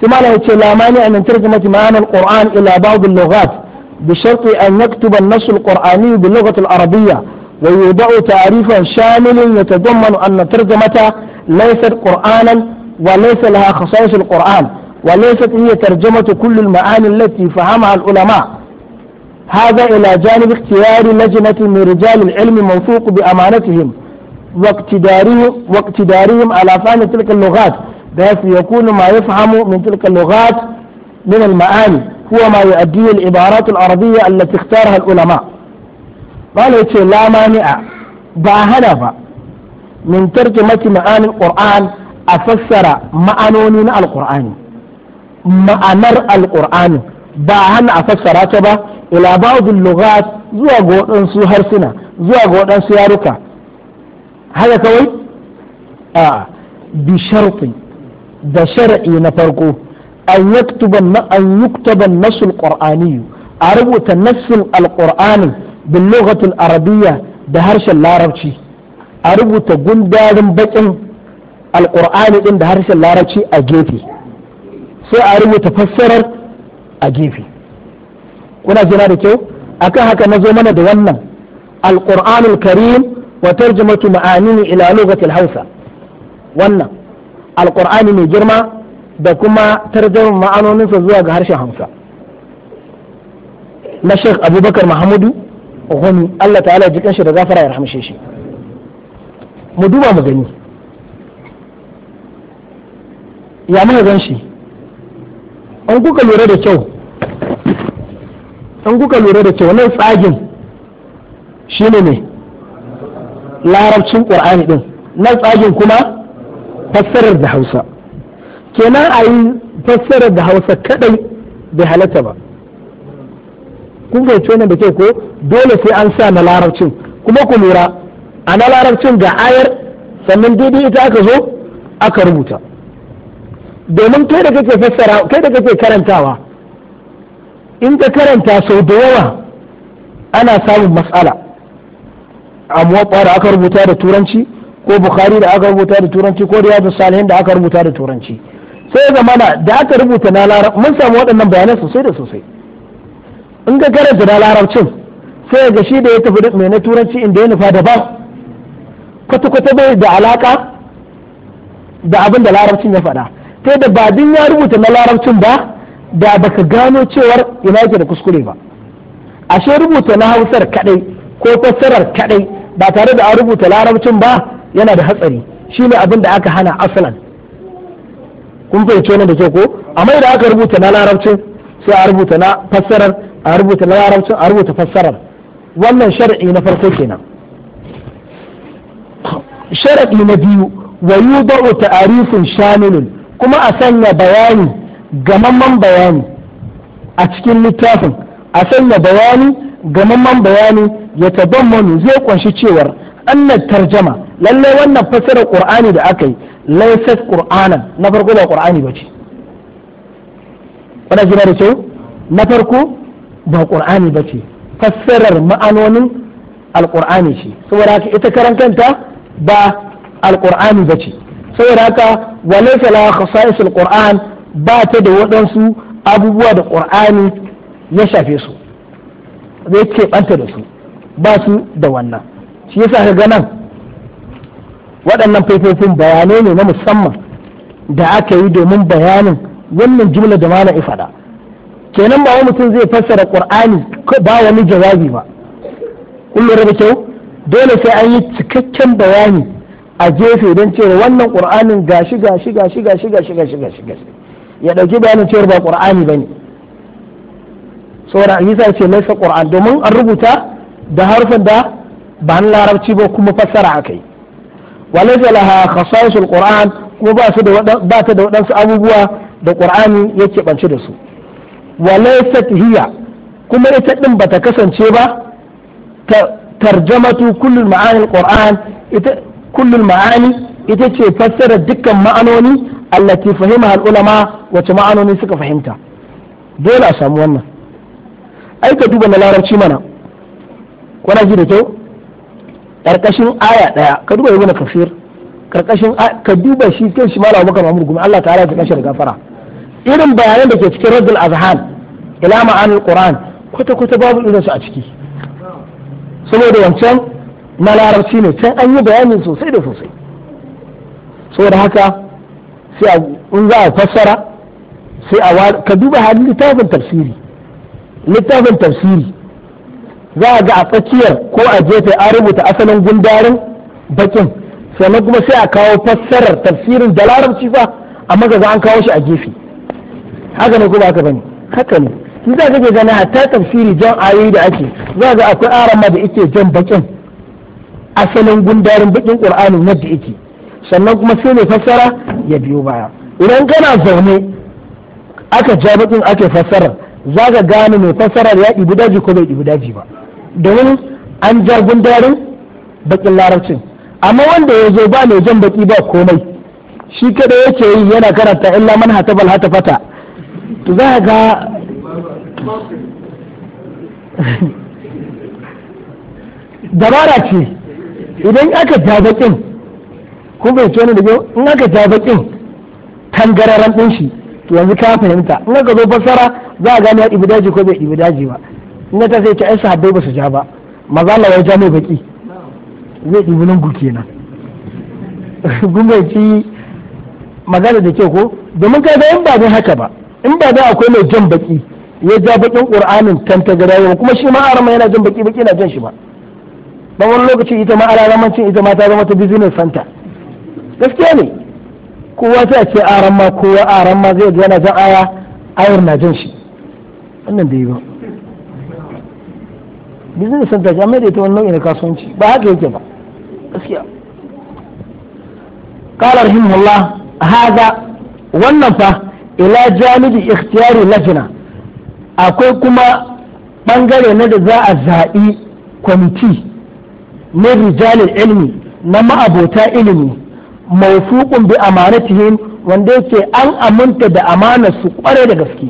sai malam yace la mani an tarjumati ma'ana alquran ila ba'd al-lughat bi shart an yaktuba an-nass al-qur'ani bi lughati al-arabiyya wa yudau ta'rifan shamilan yatadammanu an tarjumata laysat qur'anan wa laysa laha khasa'is al-qur'an wa laysat hiya tarjumatu kull al-ma'ani allati fahamaha al-ulama' هذا إلى جانب اختيار لجنة من رجال العلم موثوق بأمانتهم واقتدارهم واقتدارهم على فهم تلك اللغات بحيث يكون ما يفهم من تلك اللغات من المعاني هو ما يؤديه العبارات العربية التي اختارها العلماء قال لا مانع باهنا من ترجمة معاني القرآن أفسر معنونين القرآن ma'anar القرآن باهن أفسر a إلى بعض اللغات زوغو أنسو هرسنا زوغو أنسو waɗansu haka kawai a bi da shar'i na farko an yuktaba nasul qur'ani a rubuta nasin Alƙur'ani bin lokacin arabiyya da harshen larabci a rubuta gundarin bakin alqur'ani ɗin da harshen larabci a gefe sai a rubuta fassarar a gefe kuna jira da kyau akan haka na zo mana da wannan alqur'anul karim wa tarjumatu ma'anini ila lugatil hausa wannan alqur'ani mai girma da kuma tarjumar ma'anoninsa zuwa ga harshen hausa na Sheikh Abubakar Muhammadu Uhumi Allah ta'ala ji kanshi da gafara ya rahamshe shi mu duba mu gani ya muka gan shi an kuka lura da kyau an kuka lura da kyau nan tsagin shi ne ne larabcin ƙur'ani ɗin na tsagin kuma fassarar da hausa kenan a yi fassarar da hausa kadai bai halatta ba kun fahimci wannan da ke ko dole sai an sa na larabcin kuma ku lura a na larabcin ga ayar sannan daidai ita aka zo aka rubuta domin kai da kake fassara kai da kake karantawa in ka karanta sau da yawa ana samun matsala muwatta da aka rubuta da turanci ko bukhari da aka rubuta da turanci ko riyadu salihin da aka rubuta da turanci sai zamana da aka rubuta na larabci mun samu waɗannan bayanai sosai da sosai in ka karanta na larabcin sai ga shi da ya tafi mai na turanci inda ya nufa daban kwata-kwata bai da alaka da abin da larabcin ya faɗa sai da ba din ya rubuta na larabcin ba da baka gano cewar ina yake da kuskure ba ashe rubuta na hausar kaɗai. ko fassarar kaɗai ba tare da an rubuta larabcin ba yana da hatsari shine abin da aka hana asalan kun fahimci wannan da ke ko A mai da aka rubuta na larabcin sai a rubuta na fassarar a rubuta na larabcin a rubuta fassarar wannan shar'i na farko kenan sharadi na biyu wa yubau ta'arifun shamilun kuma a sanya bayani gamamman bayani a cikin littafin a sanya bayani gamamman bayani ya manu zai kunshi cewar annar tarjama lalle wannan fasarar qur'ani da aka yi laysat qur'anan na farko ba qur'ani bace wannan jira da na farko ba qur'ani bace fassarar ma'anonin alqur'ani ce saboda haka ita karan kanta ba alqur'ani bace saboda haka walaysa la khasa'is alqur'an ba ta da waɗansu abubuwa da qur'ani ya shafe su zai banta da su ba su da wannan shi yasa ka ga nan waɗannan faifofin bayanai ne na musamman da aka yi domin bayanin wannan jumla da malam ifada kenan ba wani mutum zai fassara ƙur'ani ba wani jawabi ba kullum da kyau dole sai an yi cikakken bayani a gefe don cewa wannan ƙur'anin gashi gashi gashi gashi gashi gashi gashi ya ɗauki bayanin cewa ba ba bane saboda an yasa ce laisa qur'an domin an rubuta da harfin da ba na larabci ba kuma fassara wale walaysa laha khasasul qur'an kuma ba da ta da waɗansu abubuwa da qur'ani yake banci da su walaysat hiya kuma ita ba bata kasance ba ta tarjamatu kullum ma'ani qur'an ita ma'ani ita ce fassara dukkan ma'anoni allati fahimaha ulama wace ma'anoni suka fahimta dole a samu wannan ai ka duba na larabci mana kuna ji da kyau karkashin aya daya ka duba ibnu kafir karkashin ka duba shi kan shi malama maka mamur gumi Allah ta'ala ya kashi da gafara irin bayanan da ke cikin raddul azhan ila ma'anil qur'an kwata kwata babu irin su a ciki saboda wancan na larabci ne can an yi bayanin sosai da sosai saboda haka sai in za a fassara sai a ka duba halin littafin tafsiri littafin tafsiri za a ga a tsakiyar ko a jefe a rubuta asalin gundarin bakin sannan kuma sai a kawo fassarar tafsirin da larabci fa a ga an kawo shi a gefe haka ne ko ba haka bane haka ne shi za ka ke gani hatta tafsiri jan ayoyi da ake za ga akwai arama da yake jan bakin asalin gundarin bakin qur'ani da yake sannan kuma sai mai fassara ya biyo baya idan kana zaune aka ja bakin ake fassarar. za ka gane mai fassarar ya ɗibi daji ko bai ɗibi daji ba domin an ja gundarin bakin larabcin amma wanda ya zo ba mai jan baki ba komai shi kada yake yi yana karanta illa man hata fata to za ga (laughs) dabara ce idan aka ja bakin kun bai wani da in aka ja bakin tangararan ɗin shi to yanzu ka fahimta in ka zo fassara za a gane ya ɗibi daji ko bai ɗibi daji ba in ta sai ta aisa sahabbai ba su ja ba maza la ya ja mai baki zai ɗibi lungu kenan gumbaci (laughs) magana da kyau ko domin ka ga in ba ne haka ba in ba dai akwai mai jan baki ya ja bakin qur'anin tantagara yau kuma shi ma arama yana jan baki baki na jan shi ba dan wani lokaci ita ma alalaman ita ma ta zama ta business center gaskiya ne kowa sai a ce aran ma kowa aran ma zai gana jan aya ayar na jin shi wannan bai yi ba business center jami'ai da ita wani nau'in kasuwanci ba haka yake ba gaskiya قال رحمه الله wannan fa ila جانب ikhtiyari لجنة akwai kuma bangare na da za a zaɓi kwamiti na rijalin ilmi na ma'abota ilimi mawsuqun bi amanatihim wanda yake an aminta da amanar su kware da gaske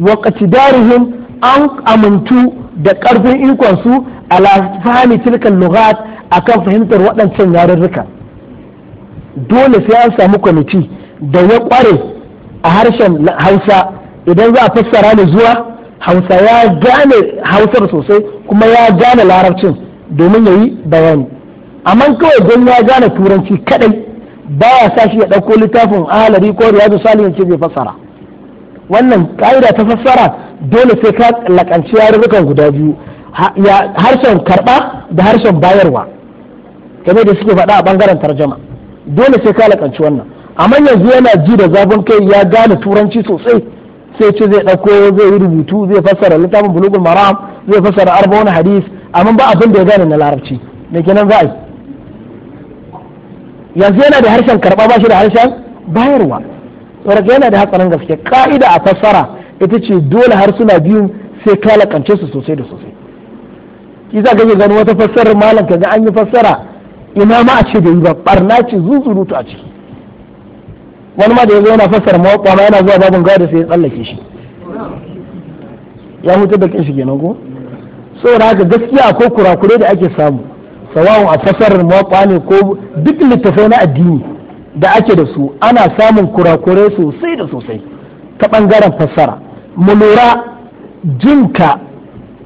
wa qatidarihim an amintu da karfin ikon su ala fahimi tilkan lughat akan fahimtar waɗancan yarurruka dole sai an samu kwamiti da ya kware a harshen hausa idan za a fassara ne zuwa hausa ya gane hausar sosai kuma ya gane larabcin domin yayi bayani amma kawai don ya gane turanci kadai baya sa shi ya ɗauko littafin ahalari ko riyadu salihin ce zai fassara wannan ka'ida ta fassara dole sai ka lakanci yarurrukan guda biyu harshen karɓa da harshen bayarwa game da suke faɗa a ɓangaren tarjama dole sai ka lakanci wannan amma yanzu yana ji da zafin kai ya gane turanci sosai sai ce zai ɗauko zai yi rubutu zai fassara littafin bulugul maram zai fassara wani hadis amma ba abin da ya gane na larabci me kenan za a yi yanzu yana da harshen karɓa ba shi da harshen bayarwa saboda yana da hatsarin gaske ka'ida a fassara ita ce dole harsuna biyu sai ka lakance su sosai da sosai kiza kake gani wata fassarar malam ga an yi fassara ina ma a ce da yi ba barna ce zuzurutu a ciki wani ma da ya zo yana fassara mawaƙwa ma yana zuwa babin gawa da sai ya tsallake shi ya mutu da kanshi kenan ko saboda haka gaskiya akwai kurakure da ake samu sawa'un a fassarar mawaƙa ne ko duk littafai na addini da ake da su ana samun kurakurai sosai da sosai ta ɓangaren fassara mu lura jinka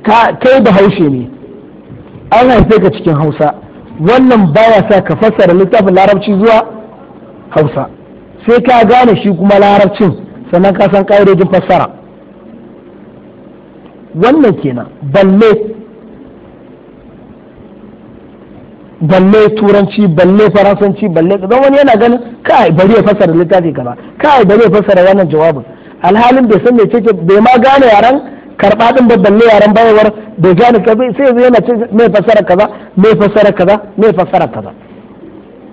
kai da haushe ne an haife ka cikin hausa wannan baya sa ka fassara littafin larabci zuwa hausa sai ka gane shi kuma larabcin sannan ka san ƙa'idojin fassara wannan kenan balle balle turanci balle faransanci balle don wani yana ganin kai bari ya fassara littafi kaza kai bari ya fassara wannan jawabin alhalin bai san mece bai ma gane yaran karba din ba balle yaran bayawar bai gane kaza sai yanzu yana ce mai fassara kaza mai fassara kaza mai fassara kaza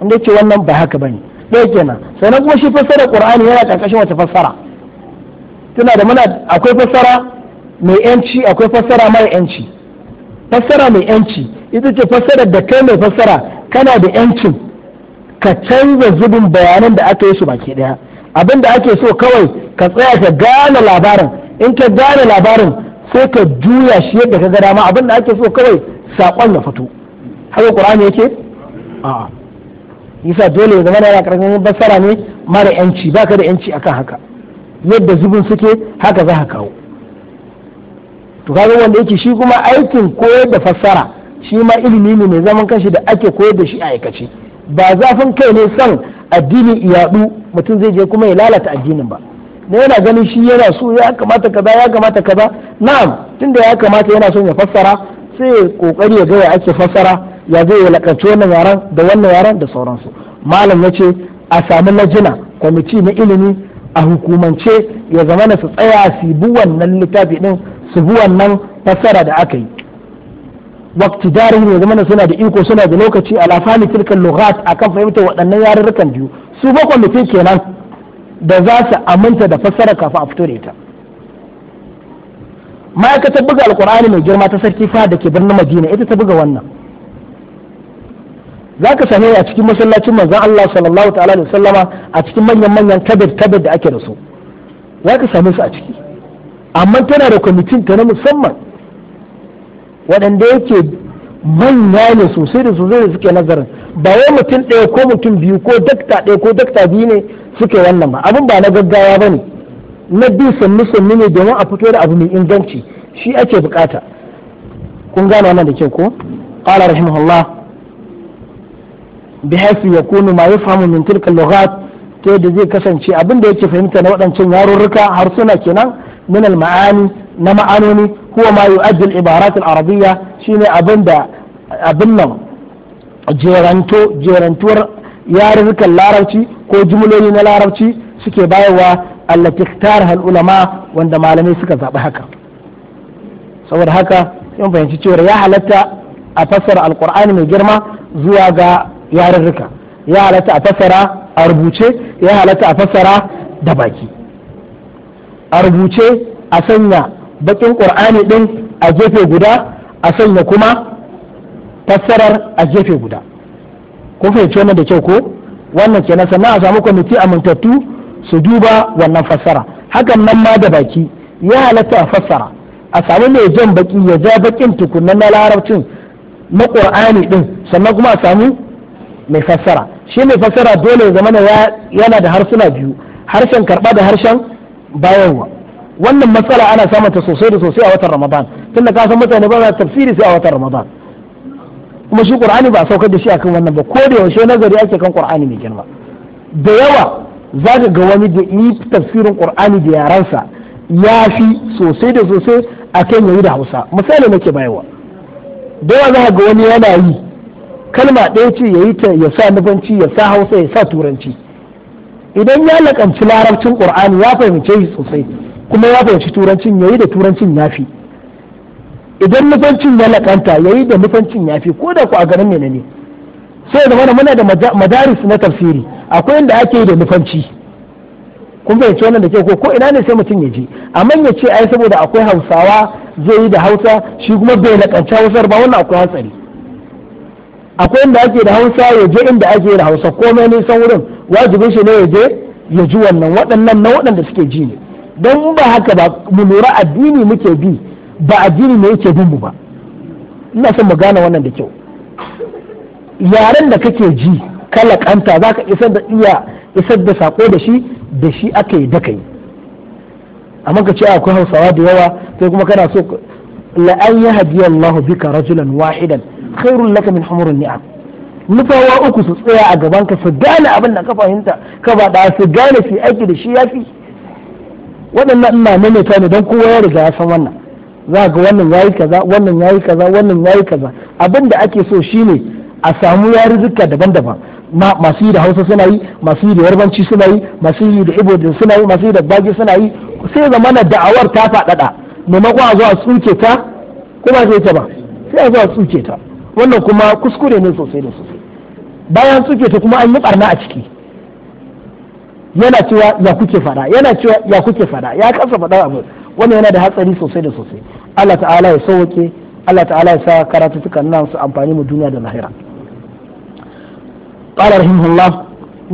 inda ce wannan ba haka bane ne kenan sannan kuma shi fassara qur'ani yana karkashin wata fassara tana da muna akwai fassara mai yanci akwai fassara mai yanci fassara mai yanci ita ce fassarar da kai mai fassara kana da yancin ka canza zubin bayanan da aka yi su baki daya abin da ake so kawai ka tsaya ka gane labarin in ka gane labarin sai ka juya shi yadda ka ga dama abin da ake so kawai saƙon ya fito haka ƙur'ani yake a'a yasa dole ya zama yana ƙarƙashin fassara ne mara yanci baka da yanci akan haka yadda zubin suke haka za ka kawo to kaga wanda yake shi kuma aikin koyar da fassara shi ma ilimi ne mai zaman kanshi da ake koyar da shi a aikace ba zafin kai ne son addini iyalu mutum zai je kuma ya lalata addinin ba na yana ganin shi yana so ya kamata kaza ya kamata kaza na'am tunda ya kamata yana son ya fassara sai kokari ya ga ya ake fassara ya zai ya lakace wannan yaran da wannan yaran da sauransu malam ya ce a sami lajina kwamiti na ilimi a hukumance ya zama na su tsaya su bi wannan littafi din su bi wannan fassara da aka yi waqtidarihim ne zama suna da iko suna da lokaci lafani fahmi tilkal a akan fahimtar waɗannan yarurrukan biyu su ba kwamitin kenan da za su aminta da fassara kafin a fito da ita ma'aikatar buga alkur'ani mai girma ta sarki fa da ke birnin madina ita ta buga wannan za ka same a cikin masallacin manzon allah sallallahu ta'ala da sallama a cikin manyan manyan kabir kabir da ake da su za ka same su a ciki amma tana da kwamitin ta na musamman waɗanda yake manya ne sosai da sosai da suke nazarin ba wai mutum ɗaya ko mutum biyu ko dakta ɗaya ko dakta biyu ne suke wannan ba abin ba na gaggawa ba ne na bi sannu sannu ne domin a fito da abu mai inganci shi ake bukata kun gane wannan da kyau ko qala rahimahullah ya yakunu ma yafhamu min tilka lughat ta yadda zai kasance abin da yake fahimta na waɗancan yarurruka harsuna kenan min al ma'ani na ma'anoni huwa ma yi ajiyar ibaratun arabiya arabiyya shine abin nan jeranto jerantuwar yarurrukan larabci ko jumloli na larabci suke bayarwa allati wanda malamai suka zaɓi haka saboda haka in fahimci cewa ya halatta a fassara alqur'ani mai girma zuwa ga yarurruka ya halatta a fassara a rubuce ya halatta a fassara da baki a rubuce a sanya bakin ƙur'ani ɗin a jefe guda a sanya kuma fassarar a gefe guda ko fahimci wannan da kyau ko wannan kenan sannan a samu kwamiti amintattu su duba wannan fassara hakan nan ma da baki ya halatta a fassara a samu mai jan baki ya ja bakin tukunan na larabcin na ƙur'ani din sannan kuma a samu mai fassara shi mai fassara dole ya zama yana da harsuna biyu harshen karɓa da harshen bayarwa wannan matsala ana samun ta sosai da sosai a watan ramadan tun da kasan mutane ba na tafsiri sai a watan ramadan kuma shi qur'ani ba a saukar da shi a kan wannan ba ko da yaushe nazari ake kan qur'ani mai girma da yawa za ka ga wani da yi tafsirin qur'ani da yaransa ya fi sosai da sosai a kan yayi da hausa misali nake bayarwa da yawa za ka ga wani yana yi kalma ɗaya ce ya yi ta ya sa nufanci ya sa hausa ya sa turanci idan ya laƙanci larabcin ƙur'ani ya fahimce shi sosai kuma ya fahimci turancin yayi da turancin ya fi idan nufancin ya lakanta yayi da nufancin ya fi ko da ku a garin mene ne sai da mana muna da madaris na tafsiri akwai inda ake yi da nufanci kun fahimci wannan da ke ko ko ina ne sai mutum ya je amma ya ce ai saboda akwai hausawa zai yi da hausa shi kuma bai lakanci hausar ba wannan akwai hatsari akwai inda ake da hausa ya je inda ake da hausa komai nisan wurin wajibin shi ne ya je ya ji wannan waɗannan na waɗanda suke ji ne don ba haka ba mu lura addini muke bi ba addini ne yake bin mu ba ina son mu gane wannan da kyau yaren da kake ji kala kanta za ka isar da iya isar da sako da shi da shi aka yi daka yi amma ka ce akwai hausawa da yawa sai kuma kana so la an yahdi Allah bika rajulan wahidan khairul laka min humurun ni'am nufawa uku su tsaya a gaban ka su gane abin da ka fahimta ka ba da su gane su aiki da shi yafi waɗannan ina maimaita ne don kowa ya riga ya san wannan za ga wannan ya yi kaza wannan ya yi kaza wannan ya yi kaza abin da ake so shine a samu yarurruka daban-daban masu yi da hausa suna yi masu yi da yarbanci suna yi masu yi da ibo suna yi masu yi da bagi suna yi sai na da'awar ta faɗaɗa maimakon a zo a tsuke ta kuma sai ta ba sai a zo a tsuke ta wannan kuma kuskure ne sosai da sosai bayan tsuke ta kuma an yi barna a ciki yana cewa ya kuke fada yana cewa ya kuke fada ya kasa fada abu yana da hatsari sosai da sosai Allah ta'ala ya sauke Allah ta'ala ya sa karatu suka nan su amfani mu duniya da lahira qala rahimahullah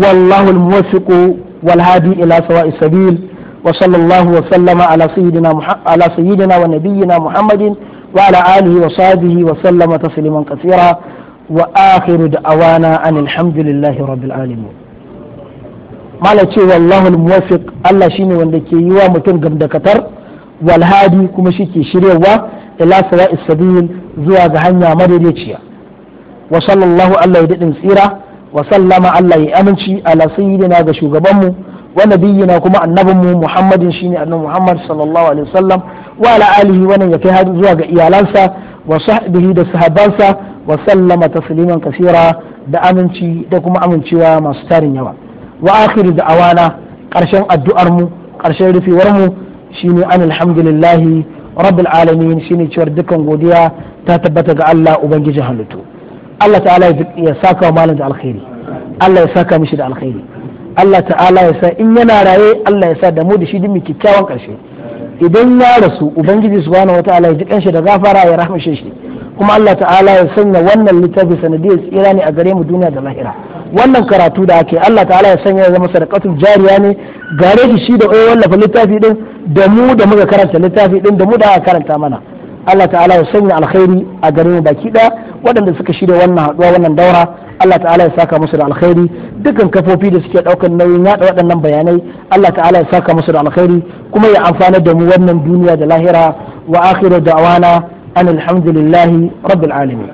wallahu al-muwaffiqu wal ila sawa'is sabil wa sallallahu wa sallama ala sayyidina wa nabiyyina muhammadin wa ala alihi wa sahbihi wa tasliman katsira wa akhiru da'awana anil hamdulillahi rabbil alamin mala ce wallahu muwaffiq Allah shine wanda ke yi wa mutum gamdakatar wal hadi kuma shike shiryawa ila sawa'is sabil zuwa ga hanya madaidaiciya wa sallallahu Allah ya dadin tsira wa sallama Allah ya aminci ala sayyidina ga shugabanmu wa nabiyina kuma annabinmu Muhammadin shine annabi Muhammad sallallahu alaihi wasallam wa ala alihi wa ya kai hadu zuwa ga iyalansa wa sahbihi da sahabansa wa sallama tasliman kasira da aminci da kuma amincewa masu tarin yawa wa akhiru awana karshen addu'ar mu karshen rufewar mu shine an alhamdulillahi rabbil alamin shine cewar dukkan godiya ta tabbata ga Allah ubangijin halittu Allah ta'ala ya saka wa malam da alkhairi Allah ya saka mishi da alkhairi Allah ta'ala ya sa in yana raye Allah ya sa da mu da shi dimi kyakkyawan karshe idan ya rasu ubangiji subhanahu wataala ya ji kanshi da gafara ya rahmashe shi kuma Allah ta'ala ya sanya wannan littafi sanadiyar tsira ne a gare mu duniya da lahira wannan karatu da ake Allah ta'ala ya sanya zama sadaqatul jariya ne gare shi shi da oyi wallafa littafi din da mu da muka karanta littafi din da mu da karanta mana Allah ta'ala ya sanya alkhairi a gare mu baki da waɗanda suka shirya wannan haɗuwa wannan daura Allah ta'ala ya saka musu da alkhairi dukkan kafofi da suke ɗaukar nauyin yaɗa waɗannan bayanai Allah ta'ala ya saka musu da alkhairi kuma ya amfana da mu wannan duniya da lahira wa akhiru da'wana an alhamdulillahi rabbil alamin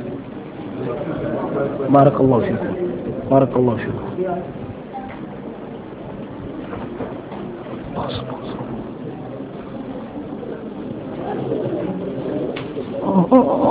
بارك الله فيكم بارك الله فيكم Oh, oh, oh.